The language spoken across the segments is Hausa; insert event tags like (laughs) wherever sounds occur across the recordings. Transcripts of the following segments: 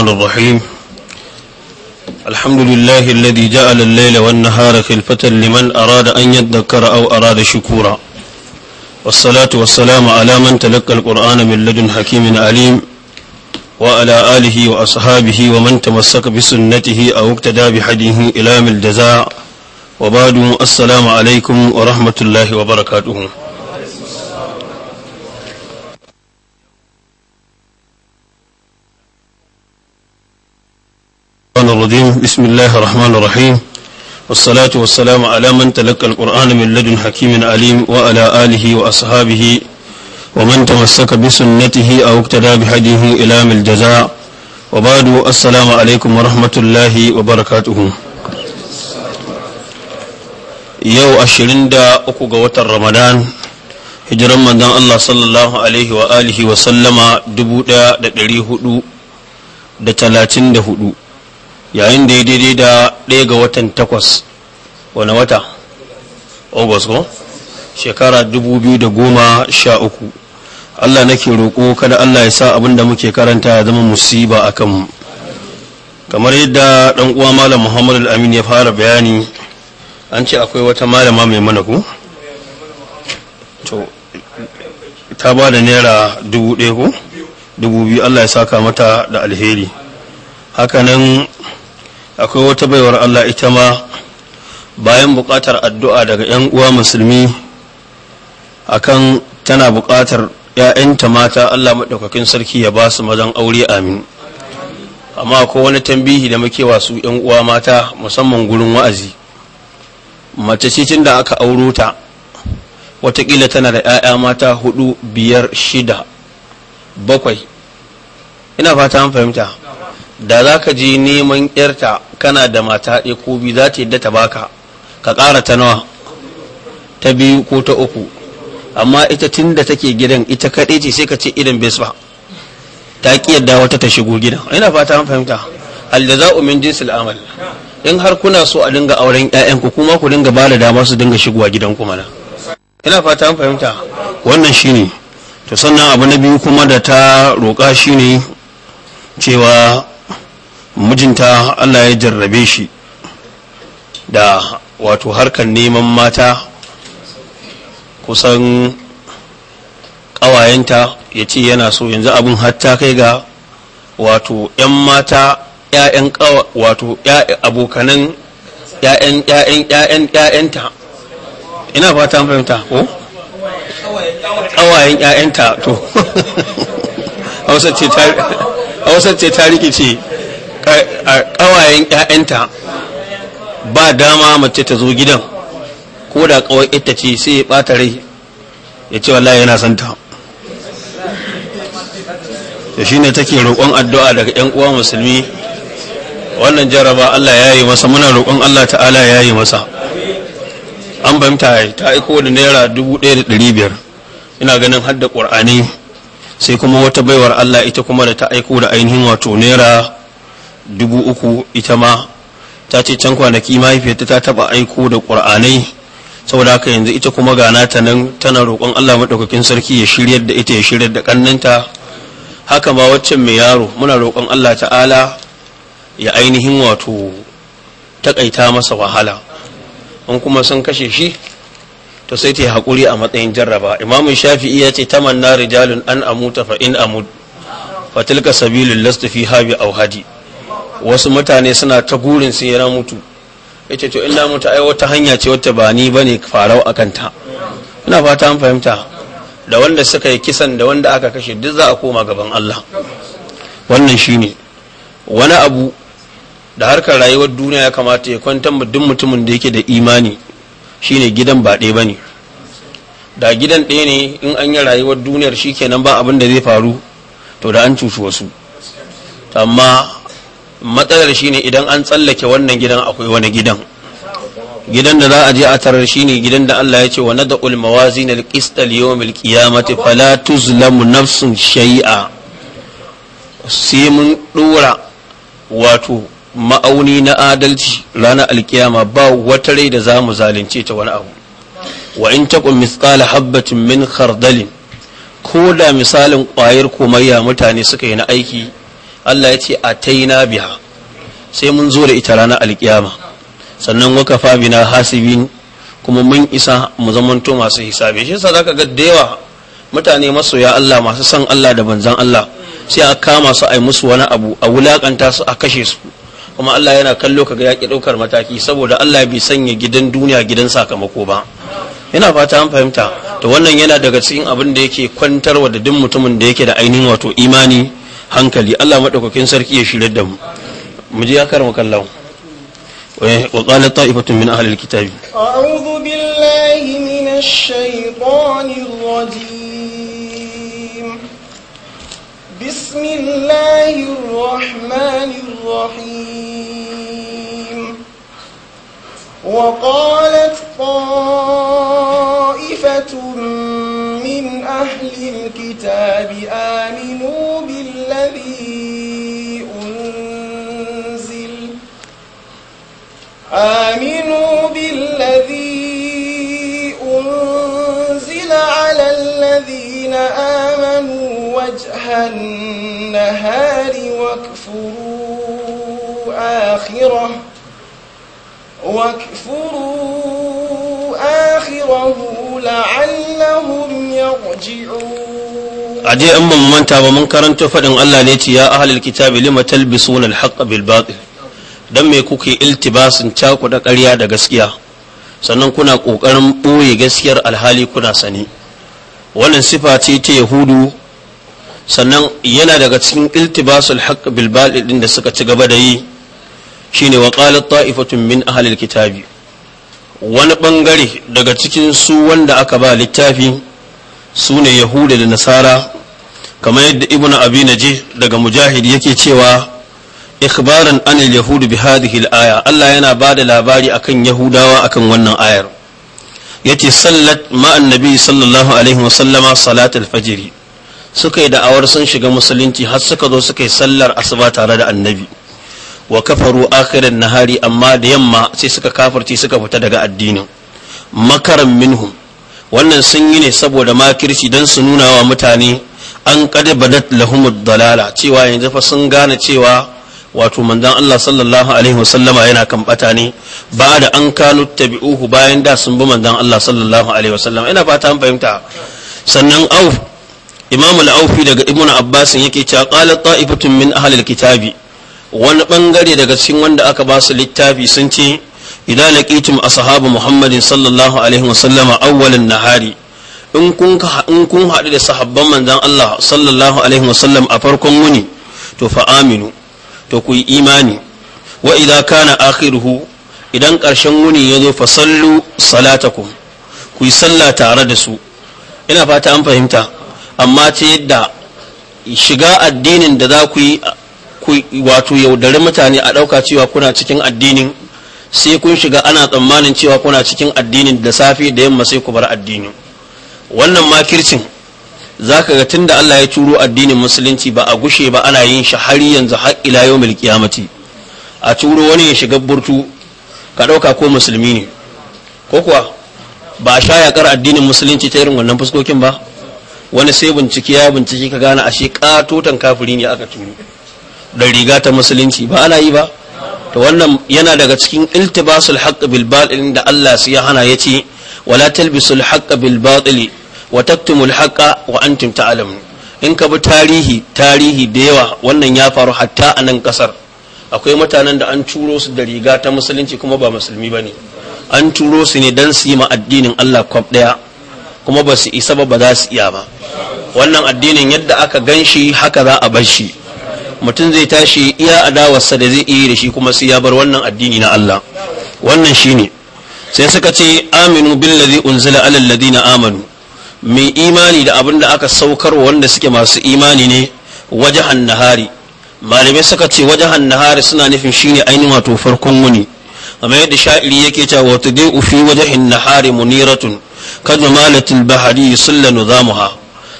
الرحمن الرحيم الحمد لله الذي جعل الليل والنهار خلفة لمن أراد أن يذكر أو أراد شكورا والصلاة والسلام على من تلقى القرآن من لدن حكيم عليم وعلى آله وأصحابه ومن تمسك بسنته أو اقتدى بحديه إلى من الجزاء وبعد السلام عليكم ورحمة الله وبركاته الرجيم بسم الله الرحمن الرحيم والصلاة والسلام على من تلقى القرآن من لدن حكيم عليم وعلى آله وأصحابه ومن تمسك بسنته أو اقتدى بهديه إلى من الجزاء وبعد السلام عليكم ورحمة الله وبركاته yau ashirin da uku ga watan ramadan hijiran manzon Allah sallallahu alaihi wa alihi wa sallama dubu ɗaya da ɗari hudu da talatin da hudu yayin da ya daidai da ɗaya ga watan takwas wani wata da goma sha uku allah na ke roƙo kada allah ya sa abin da muke karanta ya zama musiba a kanmu kamar yadda ɗan uwa malam muhammadu al'amin ya fara bayani an ce akwai wata malama mai mana ku ta ba da naira dubu ɗaya ko dubu biyu allah ya saka mata da alheri hakanan akwai wata baiwar Allah ita ma bayan buƙatar addu'a daga 'yan uwa musulmi akan tana buƙatar 'ya'yanta mata Allah maɗaukakin sarki ya ba su mazan aure amin amma akwai wani tambihi da muke wasu 'yan uwa mata musamman gurin wa'azi mace ce da aka auro ta watakila tana da 'ya'ya mata hudu biyar shida bakwai ina fata an fahimta da za ka je neman yarta kana da mata ɗaya ko biyu za ta yadda ta baka ka ƙara ta nawa ta biyu ko ta uku amma ita tun da take gidan ita kaɗai ce sai ka ce idan besba ta ƙi yadda wata ta shigo gidan ina fata an fahimta aljaza'u min jinsil amal in har kuna so a dinga auren 'ya'yanku kuma ku dinga bada dama su dinga shigowa gidan ku mana. ina fata an fahimta wannan shine to sannan abu na biyu kuma da ta roƙa shine cewa mijinta Allah ya jarrabe shi da wato harkar neman mata kusan ƙawayenta ya ce yana so yanzu abin hatta kai ga wato 'yan mata 'ya'yan wato abokanan 'ya'yanta ina fata fahimta ko? ƙawayen 'ya'yanta to (laughs) hausa ce tarihi ce. a ƙawayen ‘ya'yanta ba dama mace ta zo gidan ko da ƙawai ita ce sai ya ɓata rai ya ce wallahi yana santa da shi ne take roƙon addu'a daga ‘yan uwa musulmi wannan jaraba Allah ya yi masa muna roƙon Allah ta'ala ya yi masa an bamta ta aiko da naira dubu ɗaya da ɗari biyar ina ganin hadda ƙwar'ani sai kuma wata baiwar Allah ita kuma da ta aiko da ainihin wato naira dubu uku ita ma ta ce can kwanaki mahaifiyarta ta taba aiko da ƙur'anai saboda haka yanzu ita kuma gana ta nan tana roƙon Allah maɗaukakin sarki ya shiryar da ita ya shiryar da ƙannanta haka ma waccan mai yaro muna roƙon Allah ta'ala ya ainihin wato taƙaita masa wahala in kuma sun kashe shi to sai ta yi haƙuri a matsayin jarraba imamu shafi'i ya ce ta tamanna rijalun an amuta fa in amud fa tilka sabilul lastu fi habi au hadi wasu mutane suna ta gurin sun yana mutu yace to illa mutu ai wata hanya ce wata ba ni bane farau akan ta ina fata an fahimta da wanda suka yi kisan da wanda aka kashe duk za a koma gaban Allah wannan shine wani abu da harkar rayuwar duniya ya kamata ya kwantar duk mutumin da yake da imani shine gidan ba ɗaya bane da gidan ɗaya ne in an yi rayuwar duniyar shi shikenan ba abin da zai faru to da an cuci wasu amma matsalar shine idan an tsallake wannan gidan akwai wani gidan gidan da za a je a tarar shine gidan da Allah ya ce wa nada'ul mawazin al-qist al-yawmil qiyamati fala tuzlamu nafsun shay'a sai mun dora wato ma'auni na adalci rana alkiyama ba wata rai da za mu zalunce ta wani abu wa in taqum mithqala habatin min khardalin ko da misalin ƙwayar komayya mutane suka yi na aiki Allah ya ce a taina biha sai mun zo da ita ranar alkiyama sannan waka fabina hasibin kuma mun isa mu zamanto masu hisabi shi yasa zaka ga da yawa mutane masoya Allah masu son Allah da banzan Allah sai a kama su a yi musu wani abu a wulakanta su a kashe su kuma Allah yana kallo kaga ya ki daukar mataki saboda Allah bai sanya gidan duniya gidan sakamako ba yana fata an fahimta to wannan yana daga cikin abin da yake kwantarwa da duk mutumin da yake da ainihin wato imani hankali Allah madaukakin sarki ya shirye da mu mu ji ya karma kallon وقال طائفة من أهل الكتاب أعوذ بالله من الشيطان الرجيم بسم الله الرحمن الرحيم وقالت طائفة من أهل الكتاب آمنوا بالذي أنزل آمنوا بالذي أنزل على الذين آمنوا وجه النهار واكفروا آخره واكفروا آخره لعلهم ban manta ba mun karanta من allah فدن ya نيتي kitabi lima الكتاب لما تلبسون bil batil dan me kuke iltibasin caku da ƙarya da gaskiya sannan kuna kokarin ɓoye gaskiyar alhali kuna sani wannan sifa ce ta yahudu sannan yana daga cikin iltibasul haqq bil batil din da suka ci gaba da yi shine wa qalat ta'ifatun min ahli kitabi wani bangare daga cikin su wanda aka ba littafi su ne yahuda da nasara kamar yadda ibn abi naji daga mujahid yake cewa ikhbaran an yahud bi hadhihi al-aya Allah yana ba da labari akan yahudawa akan wannan ayar yace sallat ma annabi sallallahu alaihi wa sallama salat al-fajr suka yi da'awar sun shiga musulunci har suka zo suka yi sallar asuba tare da annabi wa kafaru akhirin nahari amma da yamma sai suka kafarci suka fita daga addinin makaran minhum wannan sun yi ne saboda makirci don su nuna wa mutane an kada lahumud dalala cewa yanzu fa sun gane cewa wato manzon Allah sallallahu alaihi wasallama yana kan ne ba da an kanu tabi'uhu bayan da sun bi manzon Allah sallallahu alaihi wasallama ina fata an fahimta sannan auf imamu al-aufi daga ibnu abbas yake cewa qala ta'ifatun min ahli kitabi wani bangare daga cikin wanda aka ba su littafi sun ce idan laqitum ashabu muhammadin sallallahu alaihi wasallama awwalan nahari in kun in kun haɗu da sahabban manzon Allah sallallahu alaihi a farkon wuni to fa aminu to ku yi imani wa idza kana akhiruhu idan ƙarshen wuni ya zo fa sallu salatakum ku yi sallah tare da su ina fata an fahimta amma ta yadda shiga addinin da za ku yi wato yaudari mutane a ɗauka cewa kuna cikin addinin sai kun shiga ana tsammanin cewa kuna cikin addinin da safe da yamma sai ku bar addinin wannan makircin za ka ga tun da Allah ya turo addinin musulunci ba a gushe ba ana yin shi har yanzu har ila yau kiyamati a turo wani ya shiga burtu ka ɗauka ko musulmi ne ko kuwa ba a sha yakar addinin musulunci ta irin wannan fuskokin ba wani sai bincike ya bincike ka gane ashe katotan kafiri ne aka turo da riga ta musulunci ba ana yi ba to wannan yana daga cikin iltibasul haqq bil batil da Allah sai ya hana yace wala talbisul haqq bil batil wa taktumul haqqa wa antum ta'lamun in ka bi tarihi tarihi da yawa wannan ya faru hatta a nan kasar akwai mutanen da an turo su da riga ta musulunci kuma ba musulmi bane an turo su ne dan su yi ma addinin Allah kwab daya kuma ba su isa ba ba za su iya ba wannan addinin yadda aka ganshi haka za a bar shi mutum zai tashi iya adawarsa da zai iya da shi kuma sai ya bar wannan addini na Allah wannan shine sai suka ce aminu billazi unzila ala alladhina amanu mai imani da abin da aka saukar wanda suke masu imani ne wajahan nahari malamai suka ce wajahan nahari suna nufin shine ainihin wato farkon wuni kamar yadda sha'iri yake cewa wata dai ufi wajahin nahari muniratun kadu malatil bahari sullanu zamuha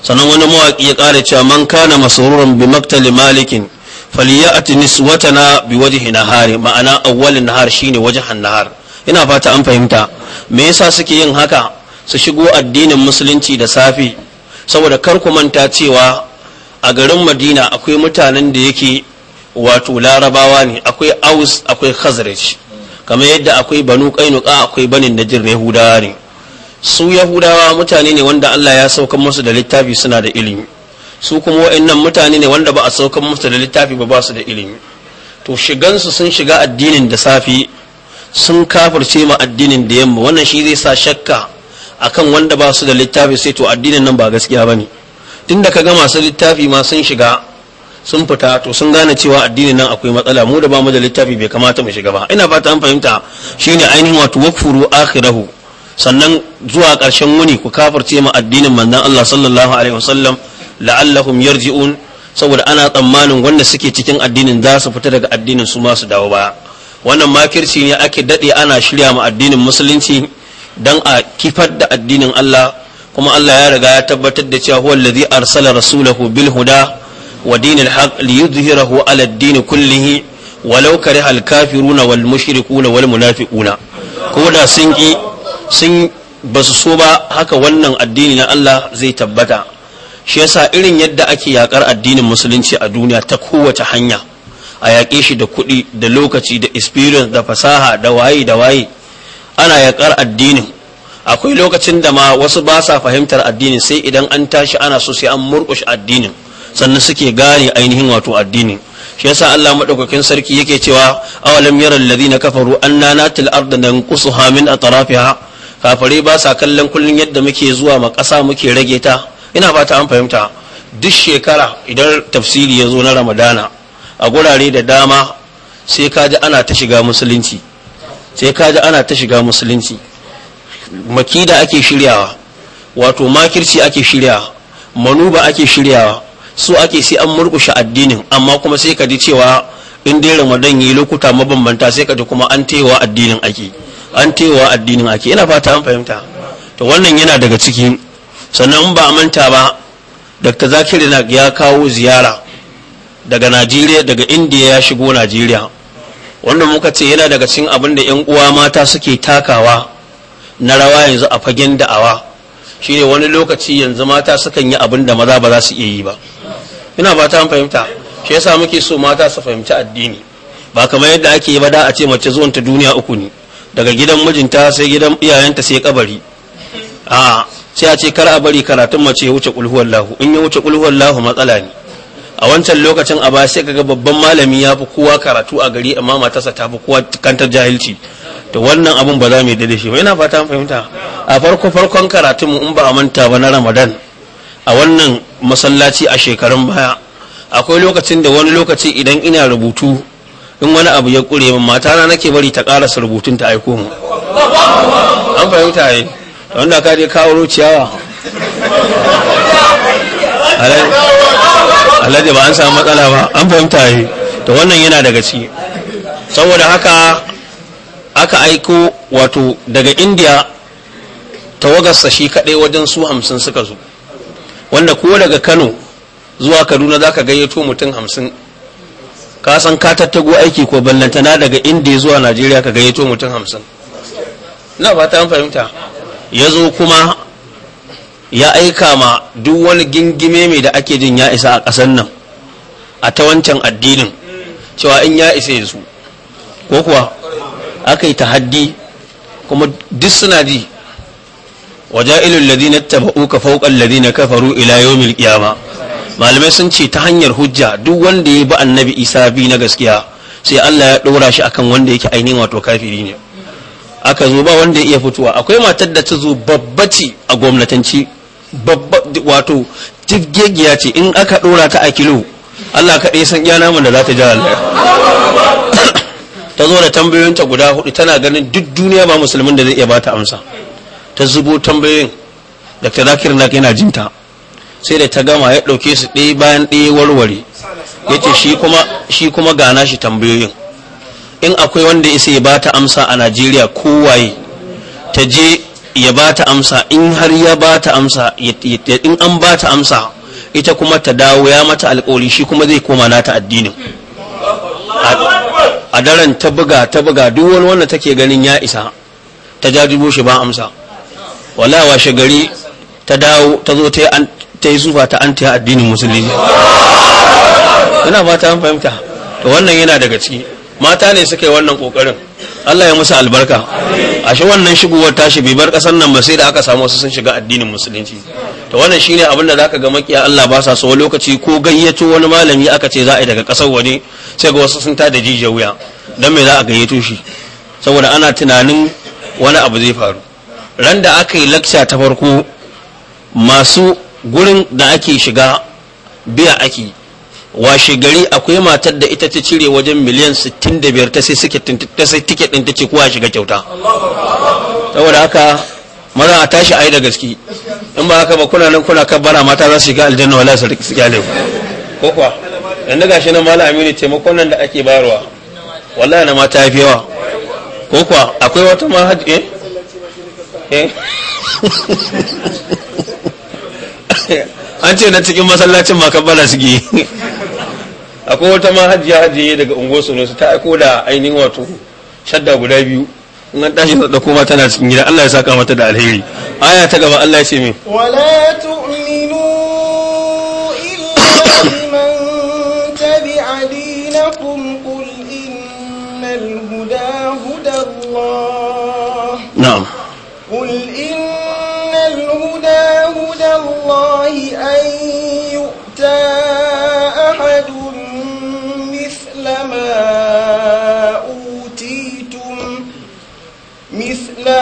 sannan wani mawaƙi ya ƙara cewa man kana masururan bi maktali malikin falyati niswatana biwajhi nahari ma'ana na nahar shine wajhan nahar ina fata an fahimta me yasa suke yin haka su shigo addinin musulunci da safi saboda kar ku manta cewa a garin madina akwai mutanen da yake wato larabawa ne akwai aus akwai khazraj kamar yadda akwai banu kainuka akwai banin najir na yahudawa ne su yahudawa mutane ne wanda allah ya sauka musu da littafi suna da ilimi su kuma wa'annan mutane ne wanda ba a saukan musu da littafi ba ba su da ilimi to shigansu sun shiga addinin da safi sun kafirce ma addinin da yamma wannan shi zai sa shakka akan wanda ba su da littafi sai to addinin nan ba gaskiya ba ne da tunda ga masu littafi ma sun shiga sun fita to sun gane cewa addinin nan akwai matsala mu da ba mu da littafi bai kamata mu shiga ba ina fata an fahimta shine ainihin wato wakfuru akhirahu sannan zuwa karshen wuni ku kafirce ma addinin manzon Allah sallallahu alaihi wasallam la'allahum yarji'un saboda ana tsammanin wanda suke cikin addinin za su fita daga addinin su masu dawo ba wannan makirci ne ake dade ana shirya ma addinin musulunci dan a kifar da addinin Allah kuma Allah ya riga ya tabbatar da cewa huwal allazi arsala rasulahu bil huda wa dinil haqq liyudhhirahu ala ad-din kullihi walau kariha al-kafiruna wal mushrikuna wal munafiquna ko da sun ki sun basu so ba haka wannan addini na Allah zai tabbata shi yasa irin yadda ake yakar addinin musulunci a duniya ta kowace hanya a yaƙe shi da kuɗi da lokaci da experience da fasaha da waye da waye ana yakar addinin akwai lokacin da ma wasu ba sa fahimtar addinin sai idan an tashi ana so sai an murƙushe addinin sannan suke gane ainihin wato addinin shi yasa Allah madaukakin sarki yake cewa awalam yaral ladina kafaru anna natil arda nanqusuha min atrafiha kafare ba sa kallon kullun yadda muke zuwa ma ƙasa muke rage ta ina ba ta an fahimta duk shekara idan tafsiri ya zo na ramadana a gurare da dama sai ka ji ana ta shiga musulunci sai ka ji ana ta shiga musulunci makida ake shiryawa wato makirci ake shiryawa manuba ake shiryawa su ake sai an murkushe addinin amma kuma sai ka ji cewa in dai ramadan yi lokuta mabambanta sai ka ji kuma an tewa addinin ake an tewa addinin ake ina fata an fahimta to wannan yana daga cikin sannan ba a manta ba dr na ya kawo ziyara daga najeriya daga indiya ya shigo najeriya wanda muka ce yana daga cikin abin da 'yan uwa mata suke takawa na rawa yanzu a fagen da'awa shine wani lokaci yanzu mata sukan yi abin da maza ba za su iya yi ba ina ba ta fahimta shi yasa muke so mata su fahimci addini ba kamar yadda ake yi ba da a ce mace zuwanta duniya uku ne daga gidan mijinta sai gidan iyayenta sai kabari a sai a ce kar a bari karatun mace ya wuce kulhuwar lahu in ya wuce kulhuwar lahu matsala ne a wancan lokacin a baya sai kaga babban malami ya fi kowa karatu a gari amma matarsa ta fi kowa kantar jahilci to wannan abun ba za mu yi daidai shi ba ina fata fahimta a farko farkon karatun mu in ba a manta ba na ramadan a wannan masallaci a shekarun baya akwai lokacin da wani lokaci idan ina rubutu in wani abu ya kure min matana nake bari ta karasa rubutun ta aiko mu an fahimta yi wanda ka je kawo ciyawa alhaji ba an samu matsala ba an fahimta yi to wannan yana daga ciki saboda haka aka aiko wato daga indiya tawagarsa shi kaɗai wajen su hamsin suka zo wanda ko daga kano zuwa kaduna za ka gayyato mutum hamsin ka san ka tattago aiki ko ballantana daga indiya zuwa najeriya ka gayyato mutum hamsin na ba ta fahimta ya zo kuma ya aika ma duk wani gingime mai da ake jin ya isa a ƙasar nan a ta wancan addinin cewa in ya isa yanzu ko kuwa aka yi haddi kuma duk suna ji waja'ilul ladina tabauka fawqa na kafaru ila yawmil qiyama malamai sun ce ta hanyar hujja duk wanda ya bi annabi isa bi na gaskiya sai Allah ya ɗora shi akan wanda yake ainihin wato kafiri ne aka zo ba wanda ya iya fitowa akwai matar da ta zo babba a gwamnatanci babba wato jibgegiya ce in aka dora ta a kilo Allah kaɗai san iya namun da za ta ja Allah (coughs) ta zo da tambayoyinta guda hudu tana ganin duk duniya ba musulmin da zai iya bata amsa ta zubo tambayoyin da ta zakir na yana jinta sai da ta gama ya ɗauke su ɗaya bayan ɗaya warware ya ce shi kuma gana shi tambayoyin in akwai wanda isa ya bata amsa a najeriya kowaye ta je ya bata amsa in har ya bata amsa in an bata amsa ita kuma ta dawo ya mata alkawari shi kuma zai koma nata addinin a daren ta buga ta buga duk wani wanda take ganin ya isa ta dubo shi ba amsa wala washe gari ta dawo ta zo ta yi zufa ta an addinin musulmi ina ba ta fahimta to wannan yana daga ciki mata ne suka yi wannan kokarin Allah ya musu albarka a shi wannan shigowar tashi bai bar kasar nan ba sai da aka samu wasu sun shiga addinin musulunci to wannan shine abin da zaka ga makiya Allah ba sa so lokaci ko gayyato wani malami aka ce za a yi daga kasar wani sai ga wasu sun ta da jijiyar wuya dan me za a gayyato shi saboda ana tunanin wani abu zai faru ran da aka yi lakca ta farko masu gurin da ake shiga biya ake washe gari akwai matar da ita ta cire wajen miliyan 65 ta sai ta sai tiket ɗin ta ce kowa shiga kyauta saboda haka maza a tashi a yi da gaske in ba haka ba kuna nan kuna bara mata za su shiga aljanna wala su riki kyale ko kuwa dan daga shi nan malam aminu taimakon nan da ake barowa. wallahi na mata ya fi yawa ko kuwa akwai wata ma hajji e. Eh? Eh? (laughs) an ce na cikin masallacin ma su suke (laughs) akwai wata ma hajiya hajiye daga unguwar su ta aiko da ainihin wato shadda guda biyu in an tashi da koma tana cikin gida Allah ya saka mata da alheri aya ta gaba Allah ya ce min wala tu'minu illa liman qul innal huda huda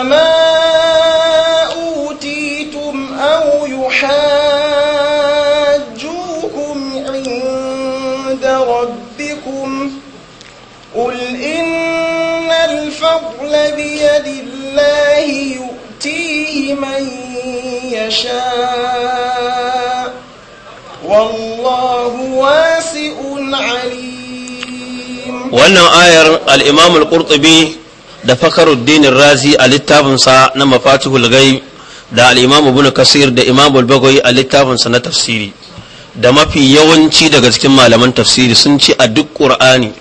وما أوتيتم أو يحاجوكم عند ربكم قل إن الفضل بيد الله يؤتيه من يشاء والله واسع عليم وأن آير الإمام القرطبي da fakaruddin razi a littafinsa na mafatihul Hulgai, da al'imamu buna kasir da imamu bagwai a littafinsa na tafsiri da mafi yawanci daga cikin malaman tafsiri sun ce a duk ƙur'ani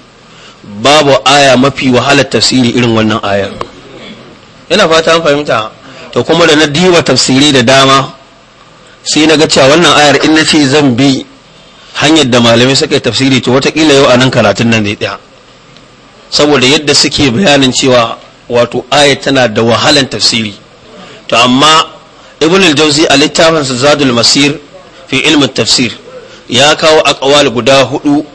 babu aya mafi wahalar tafsiri irin wannan ayar ina fata an fahimta to kuma da na diba tafsiri da dama sai na ga cewa wannan ayar in na ce zan bi hanyar da malamai suka yi tafsiri to watakila yau a nan karatun nan zai tsaya saboda yadda suke bayanin cewa wato aya tana da wahalan tafsiri to amma ibn al-jawzi a littafin sa zadul masir fi ilmin tafsir ya kawo aqwal guda hudu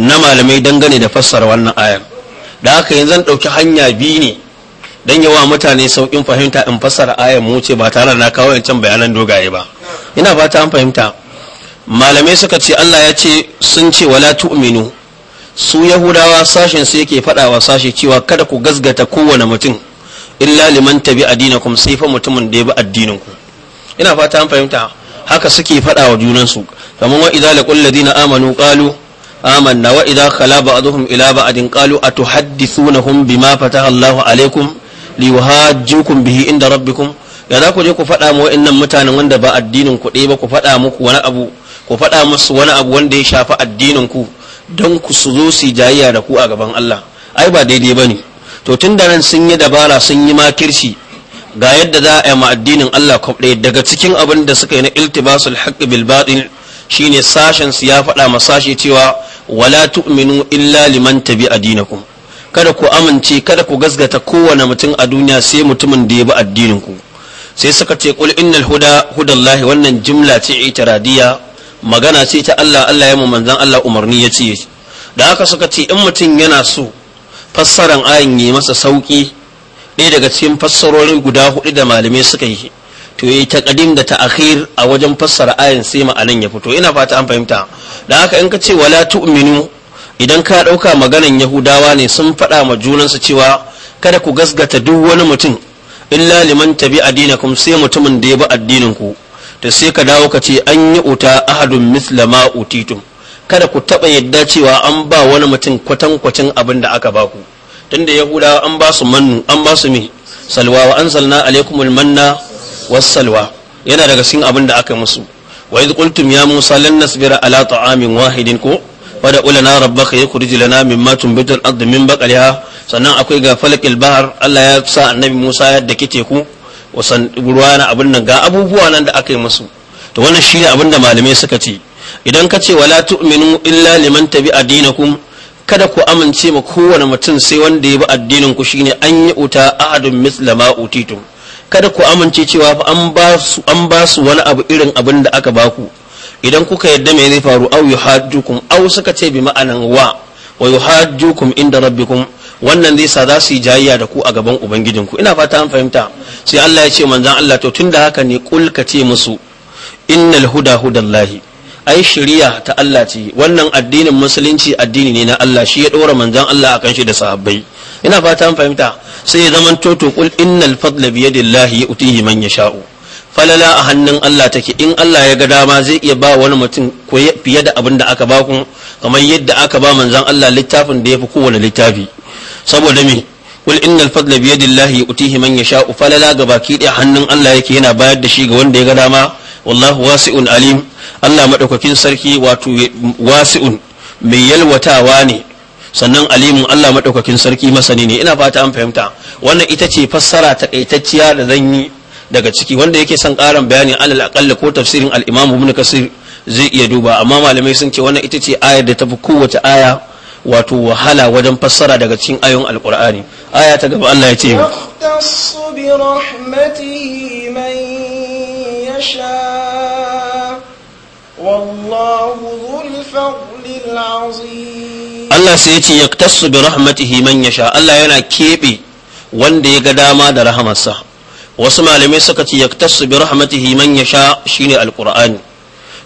na malamai dangane da fassara wannan ayar da haka yanzu zan dauki hanya biyu ne dan yawa mutane saukin fahimta in fassara ayar mu ce ba tare da na kawo yancan bayanan dogaye ba ina fata an fahimta malamai suka ce Allah ya ce sun ce wala tu'minu su yahudawa sashen su yake fadawa sashe cewa kada ku gazgata kowane mutum illa liman tabi addinakum sai fa mutumin da ya bi addinin ku ina fata an fahimta haka suke faɗa wa junansu kamar wa idza laqul ladina amanu qalu amanna wa idza khala ba'dhum ila ba'din qalu atuhaddithunahum bima fataha Allahu alaikum liwahajjukum bihi inda rabbikum ya za ku je ku faɗa ma wa'annan mutanen wanda ba addinin ku ɗaya ba ku faɗa muku wani abu ku faɗa musu wani abu wanda ya shafi addinin ku don ku su zo su jayayya da ku a gaban Allah ai ba daidai ba ne to tun da nan sun yi dabara sun yi makirci ga yadda za a yi ma addinin Allah kwaf ɗaya daga cikin abin da suka yi na iltibasul haqqi bil batil shine sashen su ya faɗa ma sashe cewa wala tu'minu illa liman tabi adinakum kada ku amince kada ku gasgata kowane mutum a duniya sai mutumin da ya bi addinin ku sai suka ce qul innal huda hudallahi wannan jimla ce itiradiya magana ce ta Allah Allah ya mu manzan Allah umarni ya ce da haka suka ce in mutum yana so fassaran ayin yi masa sauki ɗaya daga cikin fassarorin guda hudu da malamai suka yi to yi ta kadim da akhir a wajen fassara ayin sai ma'anan ya fito ina fata an fahimta da haka in ka ce wala tu'minu idan ka ɗauka maganan yahudawa ne sun faɗa ma junansu cewa kada ku gasgata duk wani mutum illa liman tabi addinakum sai mutumin da ya bi addinin ku da sai ka dawo ka ce an yi uta ahadun misla ma utitum kada ku taba yadda cewa an ba wani mutum kwatankwacin abin da aka baku tunda yahudawa an ba su mannu an ba su mi salwa wa anzalna alaikumul manna was salwa yana daga cikin abin da aka musu wa idh qultum ya musa lan nasbira ala ta'amin wahidin ko wada ulana rabbaka yukhrij lana mimma tunbitu al-ard min baqliha sannan akwai ga falakil bahar Allah ya sa annabi Musa ya dake teku wasan ruwa na abin nan ga abubuwa nan da aka yi musu to wannan shi ne abin da malamai suka ce idan ka ce wala tu'minu illa liman tabi addinakum kada ku amince ma kowane mutum sai wanda ya bi addinin ku shine an yi uta ahadun misla ma utitum kada ku amince cewa fa an ba su an ba su wani abu irin abin da aka baku idan kuka yadda me zai faru au yuhajjukum au suka ce bi ma'anan wa wa yuhajjukum inda rabbikum wannan zai sa za su yi jayayya da ku a gaban ubangijinku ina fata an fahimta sai Allah ya ce manzan Allah to tunda haka ne kul ka ce musu innal huda hudallahi ai shari'a ta Allah ce wannan addinin musulunci addini ne na Allah shi ya dora manzan Allah akan shi da sahabbai ina fata an fahimta sai ya zaman toto kul innal fadla yadillahi yu'tihi man yasha'u falala a hannun Allah take in Allah ya ga dama zai iya ba wani mutum fiye da abin da aka ba ku kamar yadda aka ba manzan Allah littafin da ya fi kowane littafi saboda me kul innal fadla bi yadillahi yu'tihi man yasha'u falala ga baki da hannun Allah yake yana bayar da shi ga wanda ya ga dama wallahu wasi'un alim Allah madaukakin sarki wato wasi'un mai yalwatawa ne sannan alimun Allah madaukakin sarki masani ne ina fata an fahimta wannan ita ce fassara takaitacciya da zan yi daga ciki wanda yake son karin bayani alal aqalla ko tafsirin al-Imam Ibn Kasir zai iya duba amma malamai sun ce wannan ita ce ayar da tafi kowace aya wato wahala wajen fassara daga cikin ayon alkur'ani aya ta gaba Allah ya ce Allah sai ya ce yaktasu bi rahmatihi man yasha Allah yana keɓe wanda ya ga dama da rahamarsa wasu malamai suka ce yaktasu bi rahmatihi man yasha shine alqur'ani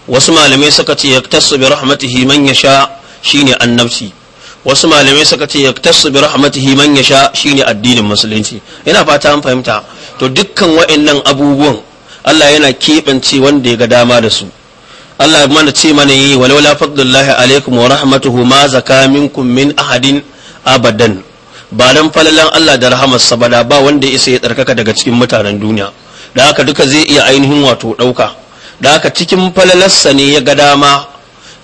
wasu malamai suka ce yaktasu bi rahmatihi man yasha shine annabci wasu malamai suka ce yaktasu bi rahmatihi man yasha shine addinin musulunci yana fata an fahimta to dukkan wa'annan abubuwan Allah yana keɓance wanda ya ga dama da su Allah ya mana ce mana yi walaula fadlullahi alaikum wa rahmatu huma zaka minkum min ahadin abadan ba dan falalan Allah da rahamarsa ba da ba wanda ya isa ya tsarkaka daga cikin mutanen duniya da haka duka zai iya ainihin wato ɗauka da haka cikin falalarsa ne ya ga dama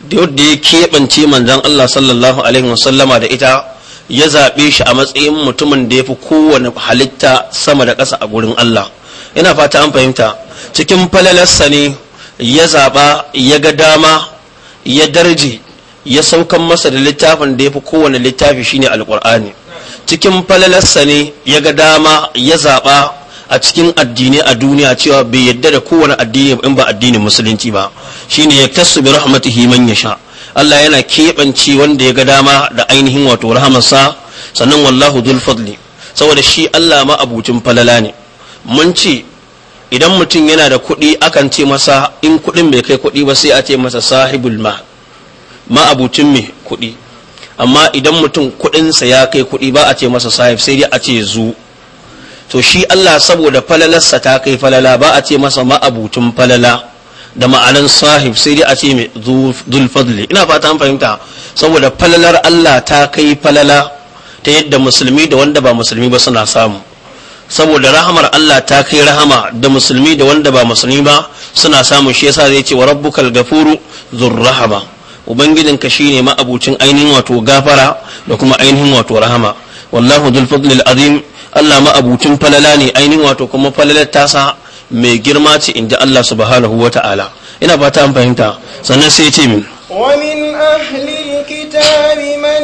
da ya keɓance manzan Allah sallallahu alaihi wasallama da ita ya zaɓe shi a matsayin mutumin da ya fi kowane halitta sama da ƙasa a gurin Allah ina fata an fahimta cikin falalarsa ne ya zaɓa ya ga dama ya darje ya saukan masa da littafin da ya fi kowane littafi shine alƙur'ani cikin falalarsa ne ya ga dama ya zaɓa a cikin addini a duniya cewa bai yadda da kowane addini in ba addinin musulunci ba shine yaktasu bi rahmatihi man yasha Allah yana keɓance wanda ya ga dama da ainihin wato sa sannan wallahu dhul fadli saboda shi Allah ma abucin falala ne mun ce idan mutum yana da kuɗi akan ce masa in kuɗin bai kai kuɗi ba sai a ce masa sahibul ma ma abucin mai kuɗi amma idan mutum kuɗinsa ya kai kuɗi ba a ce masa sahib sai dai a ce zu to shi Allah saboda falalarsa ta kai falala ba a ce masa ma'abucin falala da ma'anin sahib sai dai a ce mai zulfadli ina fata an fahimta saboda falalar Allah ta kai falala ta yadda musulmi da wanda ba musulmi ba suna samu saboda rahamar Allah ta kai rahama da musulmi da wanda ba musulmi ba suna samu shi yasa zai ce wa rabbukal gafuru zurrahama ubangijinka shine ma'abucin ainihin wato gafara da kuma ainihin wato rahama wallahu dhul fadlil azim Allah ma'abucin falala ne ainihin wato kuma falalar tasa mai girma ce inda Allah subhanahu wa ta'ala ina fata ta fahimta sannan sai ya ce min wa ahli kitabi man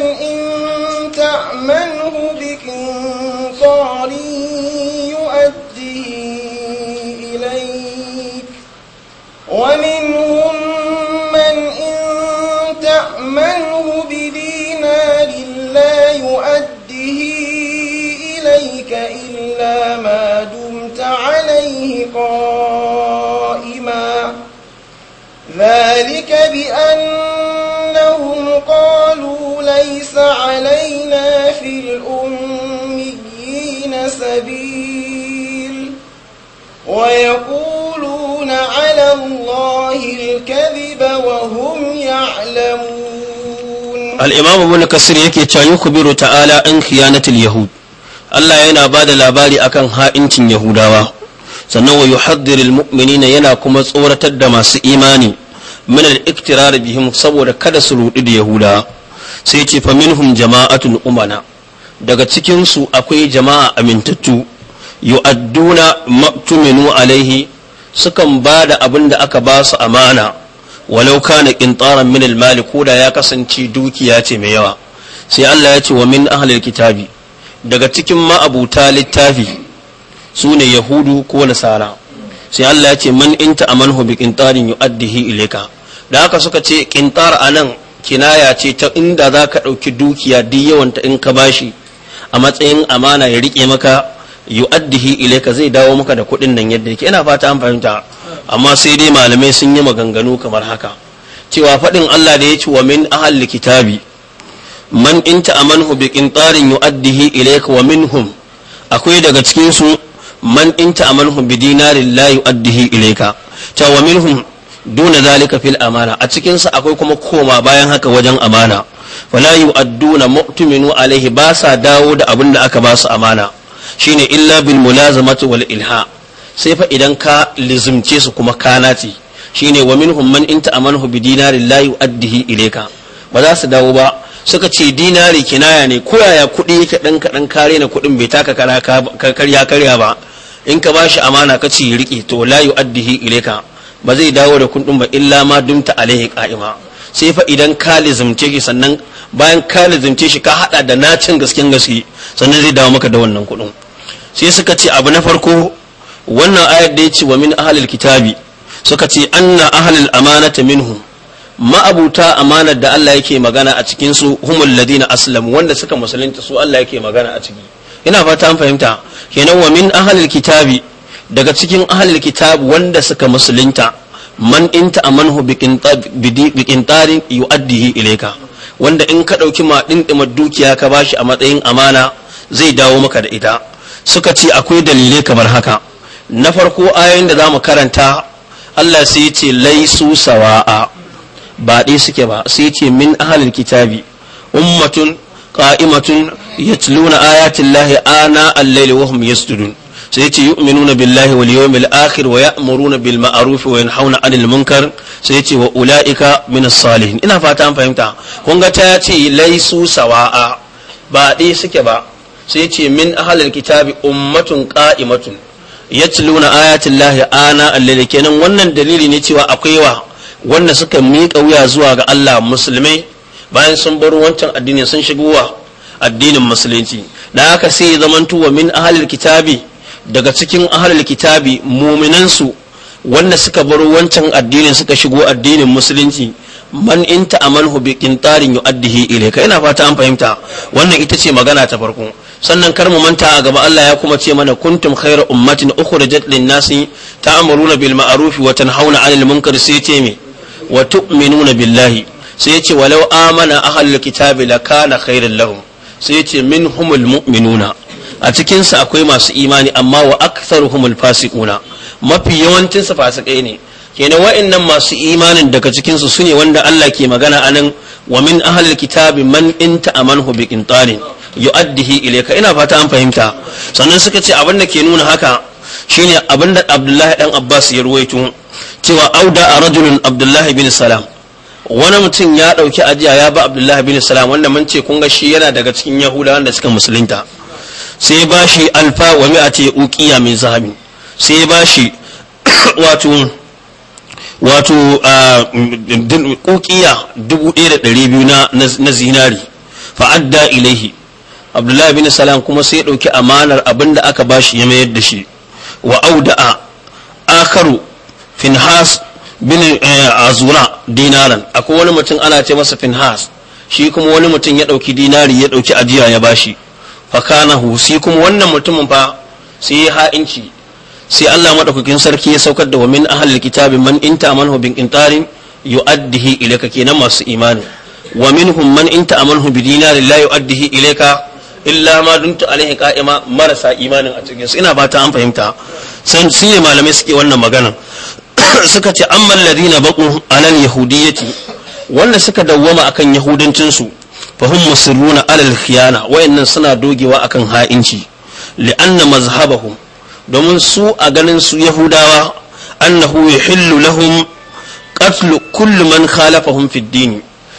ذلك بأنهم قالوا ليس علينا في الأميين سبيل ويقولون على الله الكذب وهم يعلمون الإمام ابن كسر يكي يخبر تعالى عن خيانة اليهود Allah yana ba da labari akan ha'incin Yahudawa sannan wa yuhaddiril mu'minina yana kuma tsoratar da masu imani minal al-iktirar saboda kada su ruɗu da yahuda sai ce fa jama'atun umana daga cikin su akwai jama'a amintattu yu'adduna matuminu alaihi sukan ba da abin da aka ba su amana walau kana qintaran min al-mali koda ya kasance dukiya ce mai yawa sai Allah ya ce wa min ahlil kitabi daga cikin ma'abuta littafi su ne yahudu ko nasara sai Allah ya ce man inta amanhu bi qintarin yu'addihi ilayka da haka suka ce qintar anan kinaya ce ta inda za ka ɗauki dukiya duk yawanta in ka bashi a matsayin amana ya rike maka yu'addihi ilayka zai dawo maka da kuɗin nan yadda yake ina fata an fahimta amma sai dai malamai sun yi maganganu kamar haka cewa faɗin Allah da ya ce wa min ahal kitabi man inta amanhu bi qintarin yu'addihi ilayka wa minhum akwai daga cikin su man in ta'amalhum bi dinarin la yu'addihi ilayka ta wa minhum duna zalika fil amana a cikin akwai kuma koma bayan haka wajen amana wala yu'adduna mu'tuminu alaihi ba sa dawo da abin da aka ba su amana shine illa bil mulazamati wal ilha sai fa idan ka lizumce su kuma kanati shine wa minhum man in ta'amalhu bi dinari la yu'addihi ilayka ba za su dawo ba suka ce dinari kinaya ne ko yaya kuɗi yake ɗan kaɗan kare na kuɗin bai taka karya karya ba in ka bashi amana ka ci riƙe to la yu'addihi ilayka ba zai dawo da kundin ba illa ma dumta alaihi qa'ima sai fa idan ka lizumce shi sannan bayan ka lizumce shi ka hada da nacin gasken gaske sannan zai dawo maka da wannan kudin sai suka ce abu na farko wannan ayar da ya ce wa min ahlil kitabi suka ce anna ahlil amanata minhum ma'abuta amanar da Allah yake magana a cikin su humul ladina aslamu wanda suka musulunta su Allah yake magana a ciki ina fata an fahimta kenan wa min ahlil kitabi daga cikin ahlil kitab wanda suka musulunta man inta amanhu bi tsarin yu'addihi ilaika wanda in ka ɗauki ma ɗinɗima dukiya ka bashi a matsayin amana zai dawo maka da ita suka ce akwai dalilai kamar haka na farko ayoyin da za mu karanta Allah sai ce laisu sawa'a ba ɗaya suke ba sai ce min ahlil kitabi ummatun qa'imatun yatluna ayatin lahi ana al-layli wa hum yasjudun sai yace yu'minuna billahi wal yawmil akhir wa ya'muruna bil ma'ruf wa yanhauna 'anil munkar sai ce wa ulaika min salihin ina fata an fahimta kun ga ta yace laisu sawa'a ba dai suke ba sai ce min ahlil kitabi ummatun qa'imatun yatluna ayatin lahi ana al kenan wannan dalili ne cewa akwai wa wanda suka miƙa wuya zuwa ga Allah musulmai bayan sun bar wancan addinin sun shigo wa addinin musulunci da aka sai ya zamanto min ahalil kitabi daga cikin ahalil kitabi su wanda suka bar wancan addinin suka shigo addinin musulunci man inta ta'amalhu bi qintarin yu'addihi ilayka ina fata an fahimta wannan ita ce magana ta farko sannan kar mu manta a gaba Allah ya kuma ce mana kuntum khayra ummatin ukhrijat lin-nasi ta'muruna bil ma'ruf wa tanhauna 'anil munkar sai ce me wa tu'minuna billahi sai yace walau amana ahlul kitabi lakana khairan lahum sai yace minhumul mu'minuna a cikin su akwai masu imani amma wa aktharuhumul fasiquna mafi yawancin su fasikai ne kenan wa'annan masu imanin daga cikin su sune wanda Allah ke magana anan wa min ahlul kitabi man inta amanhu bi qintalin yu'addihi ilayka ina fata an fahimta sannan suka ce abin da ke nuna haka shine abin da Abdullahi dan Abbas ya ruwaito cewa auda a rajulun Abdullahi bin Salam wani mutum ya ɗauki ajiya ya ba abdullahi bin salam wanda mun ce kun ga shi yana daga cikin yahuda wanda suka musulunta sai ba shi alfa wa ce uqiya min zahabi sai ba shi (coughs) wato wato uqiya 1200 na zinari fa'adda ilaihi abdullahi bin salam kuma sai ya ɗauki amanar abin da aka bashi ya mayar da shi wa auda'a akaru finhas bin eh, azura dinaran akwai wani mutum ana ce masa finhas shi kuma wani mutum ya ɗauki dinari ya ɗauki ajiya ya bashi Fakanahu shi kuma wannan mutumin fa sai ya ha'inci sai Allah madaukakin sarki ya saukar da wa min ahlil kitabi man inta amanhu bin intarin yu'addihi ilayka kenan masu imani wa minhum man inta amanhu bi dinari la yu'addihi ilayka illa ma dunta alaihi qa'ima marasa imanin a cikin su ina ba ta an fahimta sai malamai suke wannan magana (coughs) suka ce amman baƙo a nan yahudiyyati wanda suka dawwama akan yahudancin su fahim musulmu na alal khiyana wayannan suna dogewa akan ha'inci li'anna mazhabahu domin su a ganin su yahudawa annahu yuhillu lahum qatlu kullu man khalafahum fid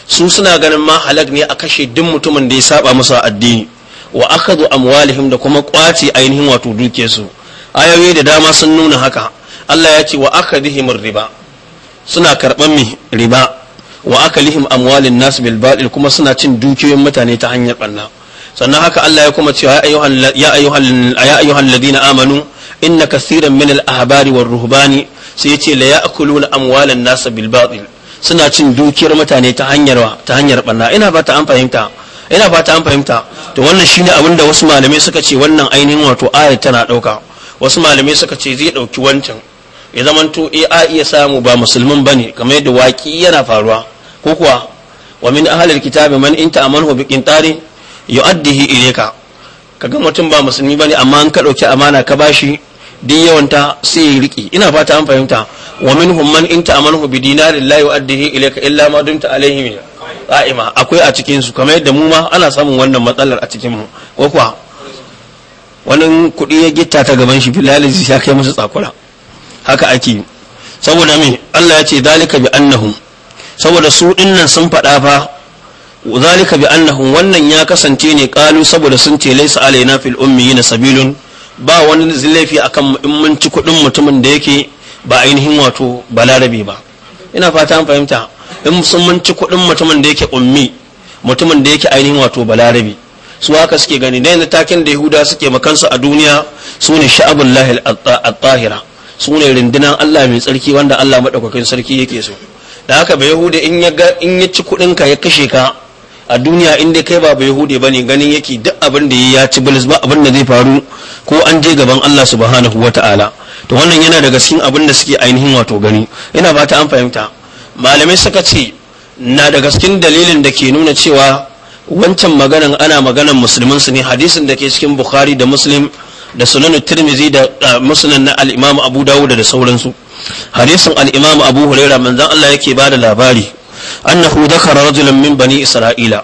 su suna ganin ma halak ne a kashe duk mutumin da ya saba musu addini wa akadu amwalihim da kuma kwace ainihin wato dukiyarsu ayoyi da dama sun nuna haka Allah ya ce wa akadihim riba suna karban mi riba wa akalihim amwalin nas kuma suna cin dukiyoyin mutane ta hanyar ɓanna sannan haka Allah ya kuma cewa ya ayyuhal ya ladina amanu inna kasiran min al ahbari war ruhbani sai yace la ya'kuluna amwalan nas bil batil suna cin dukiyar mutane ta hanyar ta hanyar banna ina ba an fahimta ina ba an fahimta to wannan shine abin da wasu malamai suka ce wannan ainihin wato ayat tana dauka wasu malamai suka ce zai dauki wancan ya zamanto eh, a iya samu ba musulmin ba ne kamar yadda waki yana faruwa ko kuwa wa min ahalil kitabi man in ta'amanu bi qintari yu'addihi ilayka kaga mutum ba musulmi bane amma an ka dauki amana ka bashi din yawanta sai riki ina fata an fahimta wa minhum man in ta'amanu bi dinarin la yu'addihi ilayka illa ma dumta alayhi qa'ima akwai a cikin su kamar yadda mu ma ana samun wannan matsalar a cikin mu ko kuwa wani kuɗi ya gitta ta gaban shi shi ya kai masa tsakura haka ake saboda me Allah ya ce zalika bi annahum saboda su dinnan sun faɗa fa zalika bi annahum wannan ya kasance ne kalu saboda sun ce laysa alaina fil ummiyina sabilun ba wani zilafi akan in mun ci kuɗin mutumin da yake ba ainihin wato balarabe ba ina fata an fahimta in sun mun ci kuɗin mutumin da yake ummi mutumin da yake ainihin wato balarabe su haka suke gani da yanzu takin da yahuda suke makansu a duniya su ne sha'abun lahil at-tahira su ne rundunar Allah mai tsarki wanda Allah maɗaukakin sarki yake so da haka bai yahudi in ya in ya ci kuɗin ka ya kashe ka a duniya in dai kai ba bai ba bane ganin yake duk abin da ya ci bilis ba abin da zai faru ko an je gaban Allah subhanahu wataala to wannan yana daga cikin abin da suke ainihin wato gani ina ba ta an fahimta malamai suka ce na daga cikin dalilin da ke nuna cewa wancan maganan ana maganan musulmansu ne hadisin da ke cikin bukhari da muslim da sunan tirmizi da musnad na al abu dawud da sauransu hadisin al abu huraira manzon Allah yake ba da labari annahu dhakara rajulan min bani isra'ila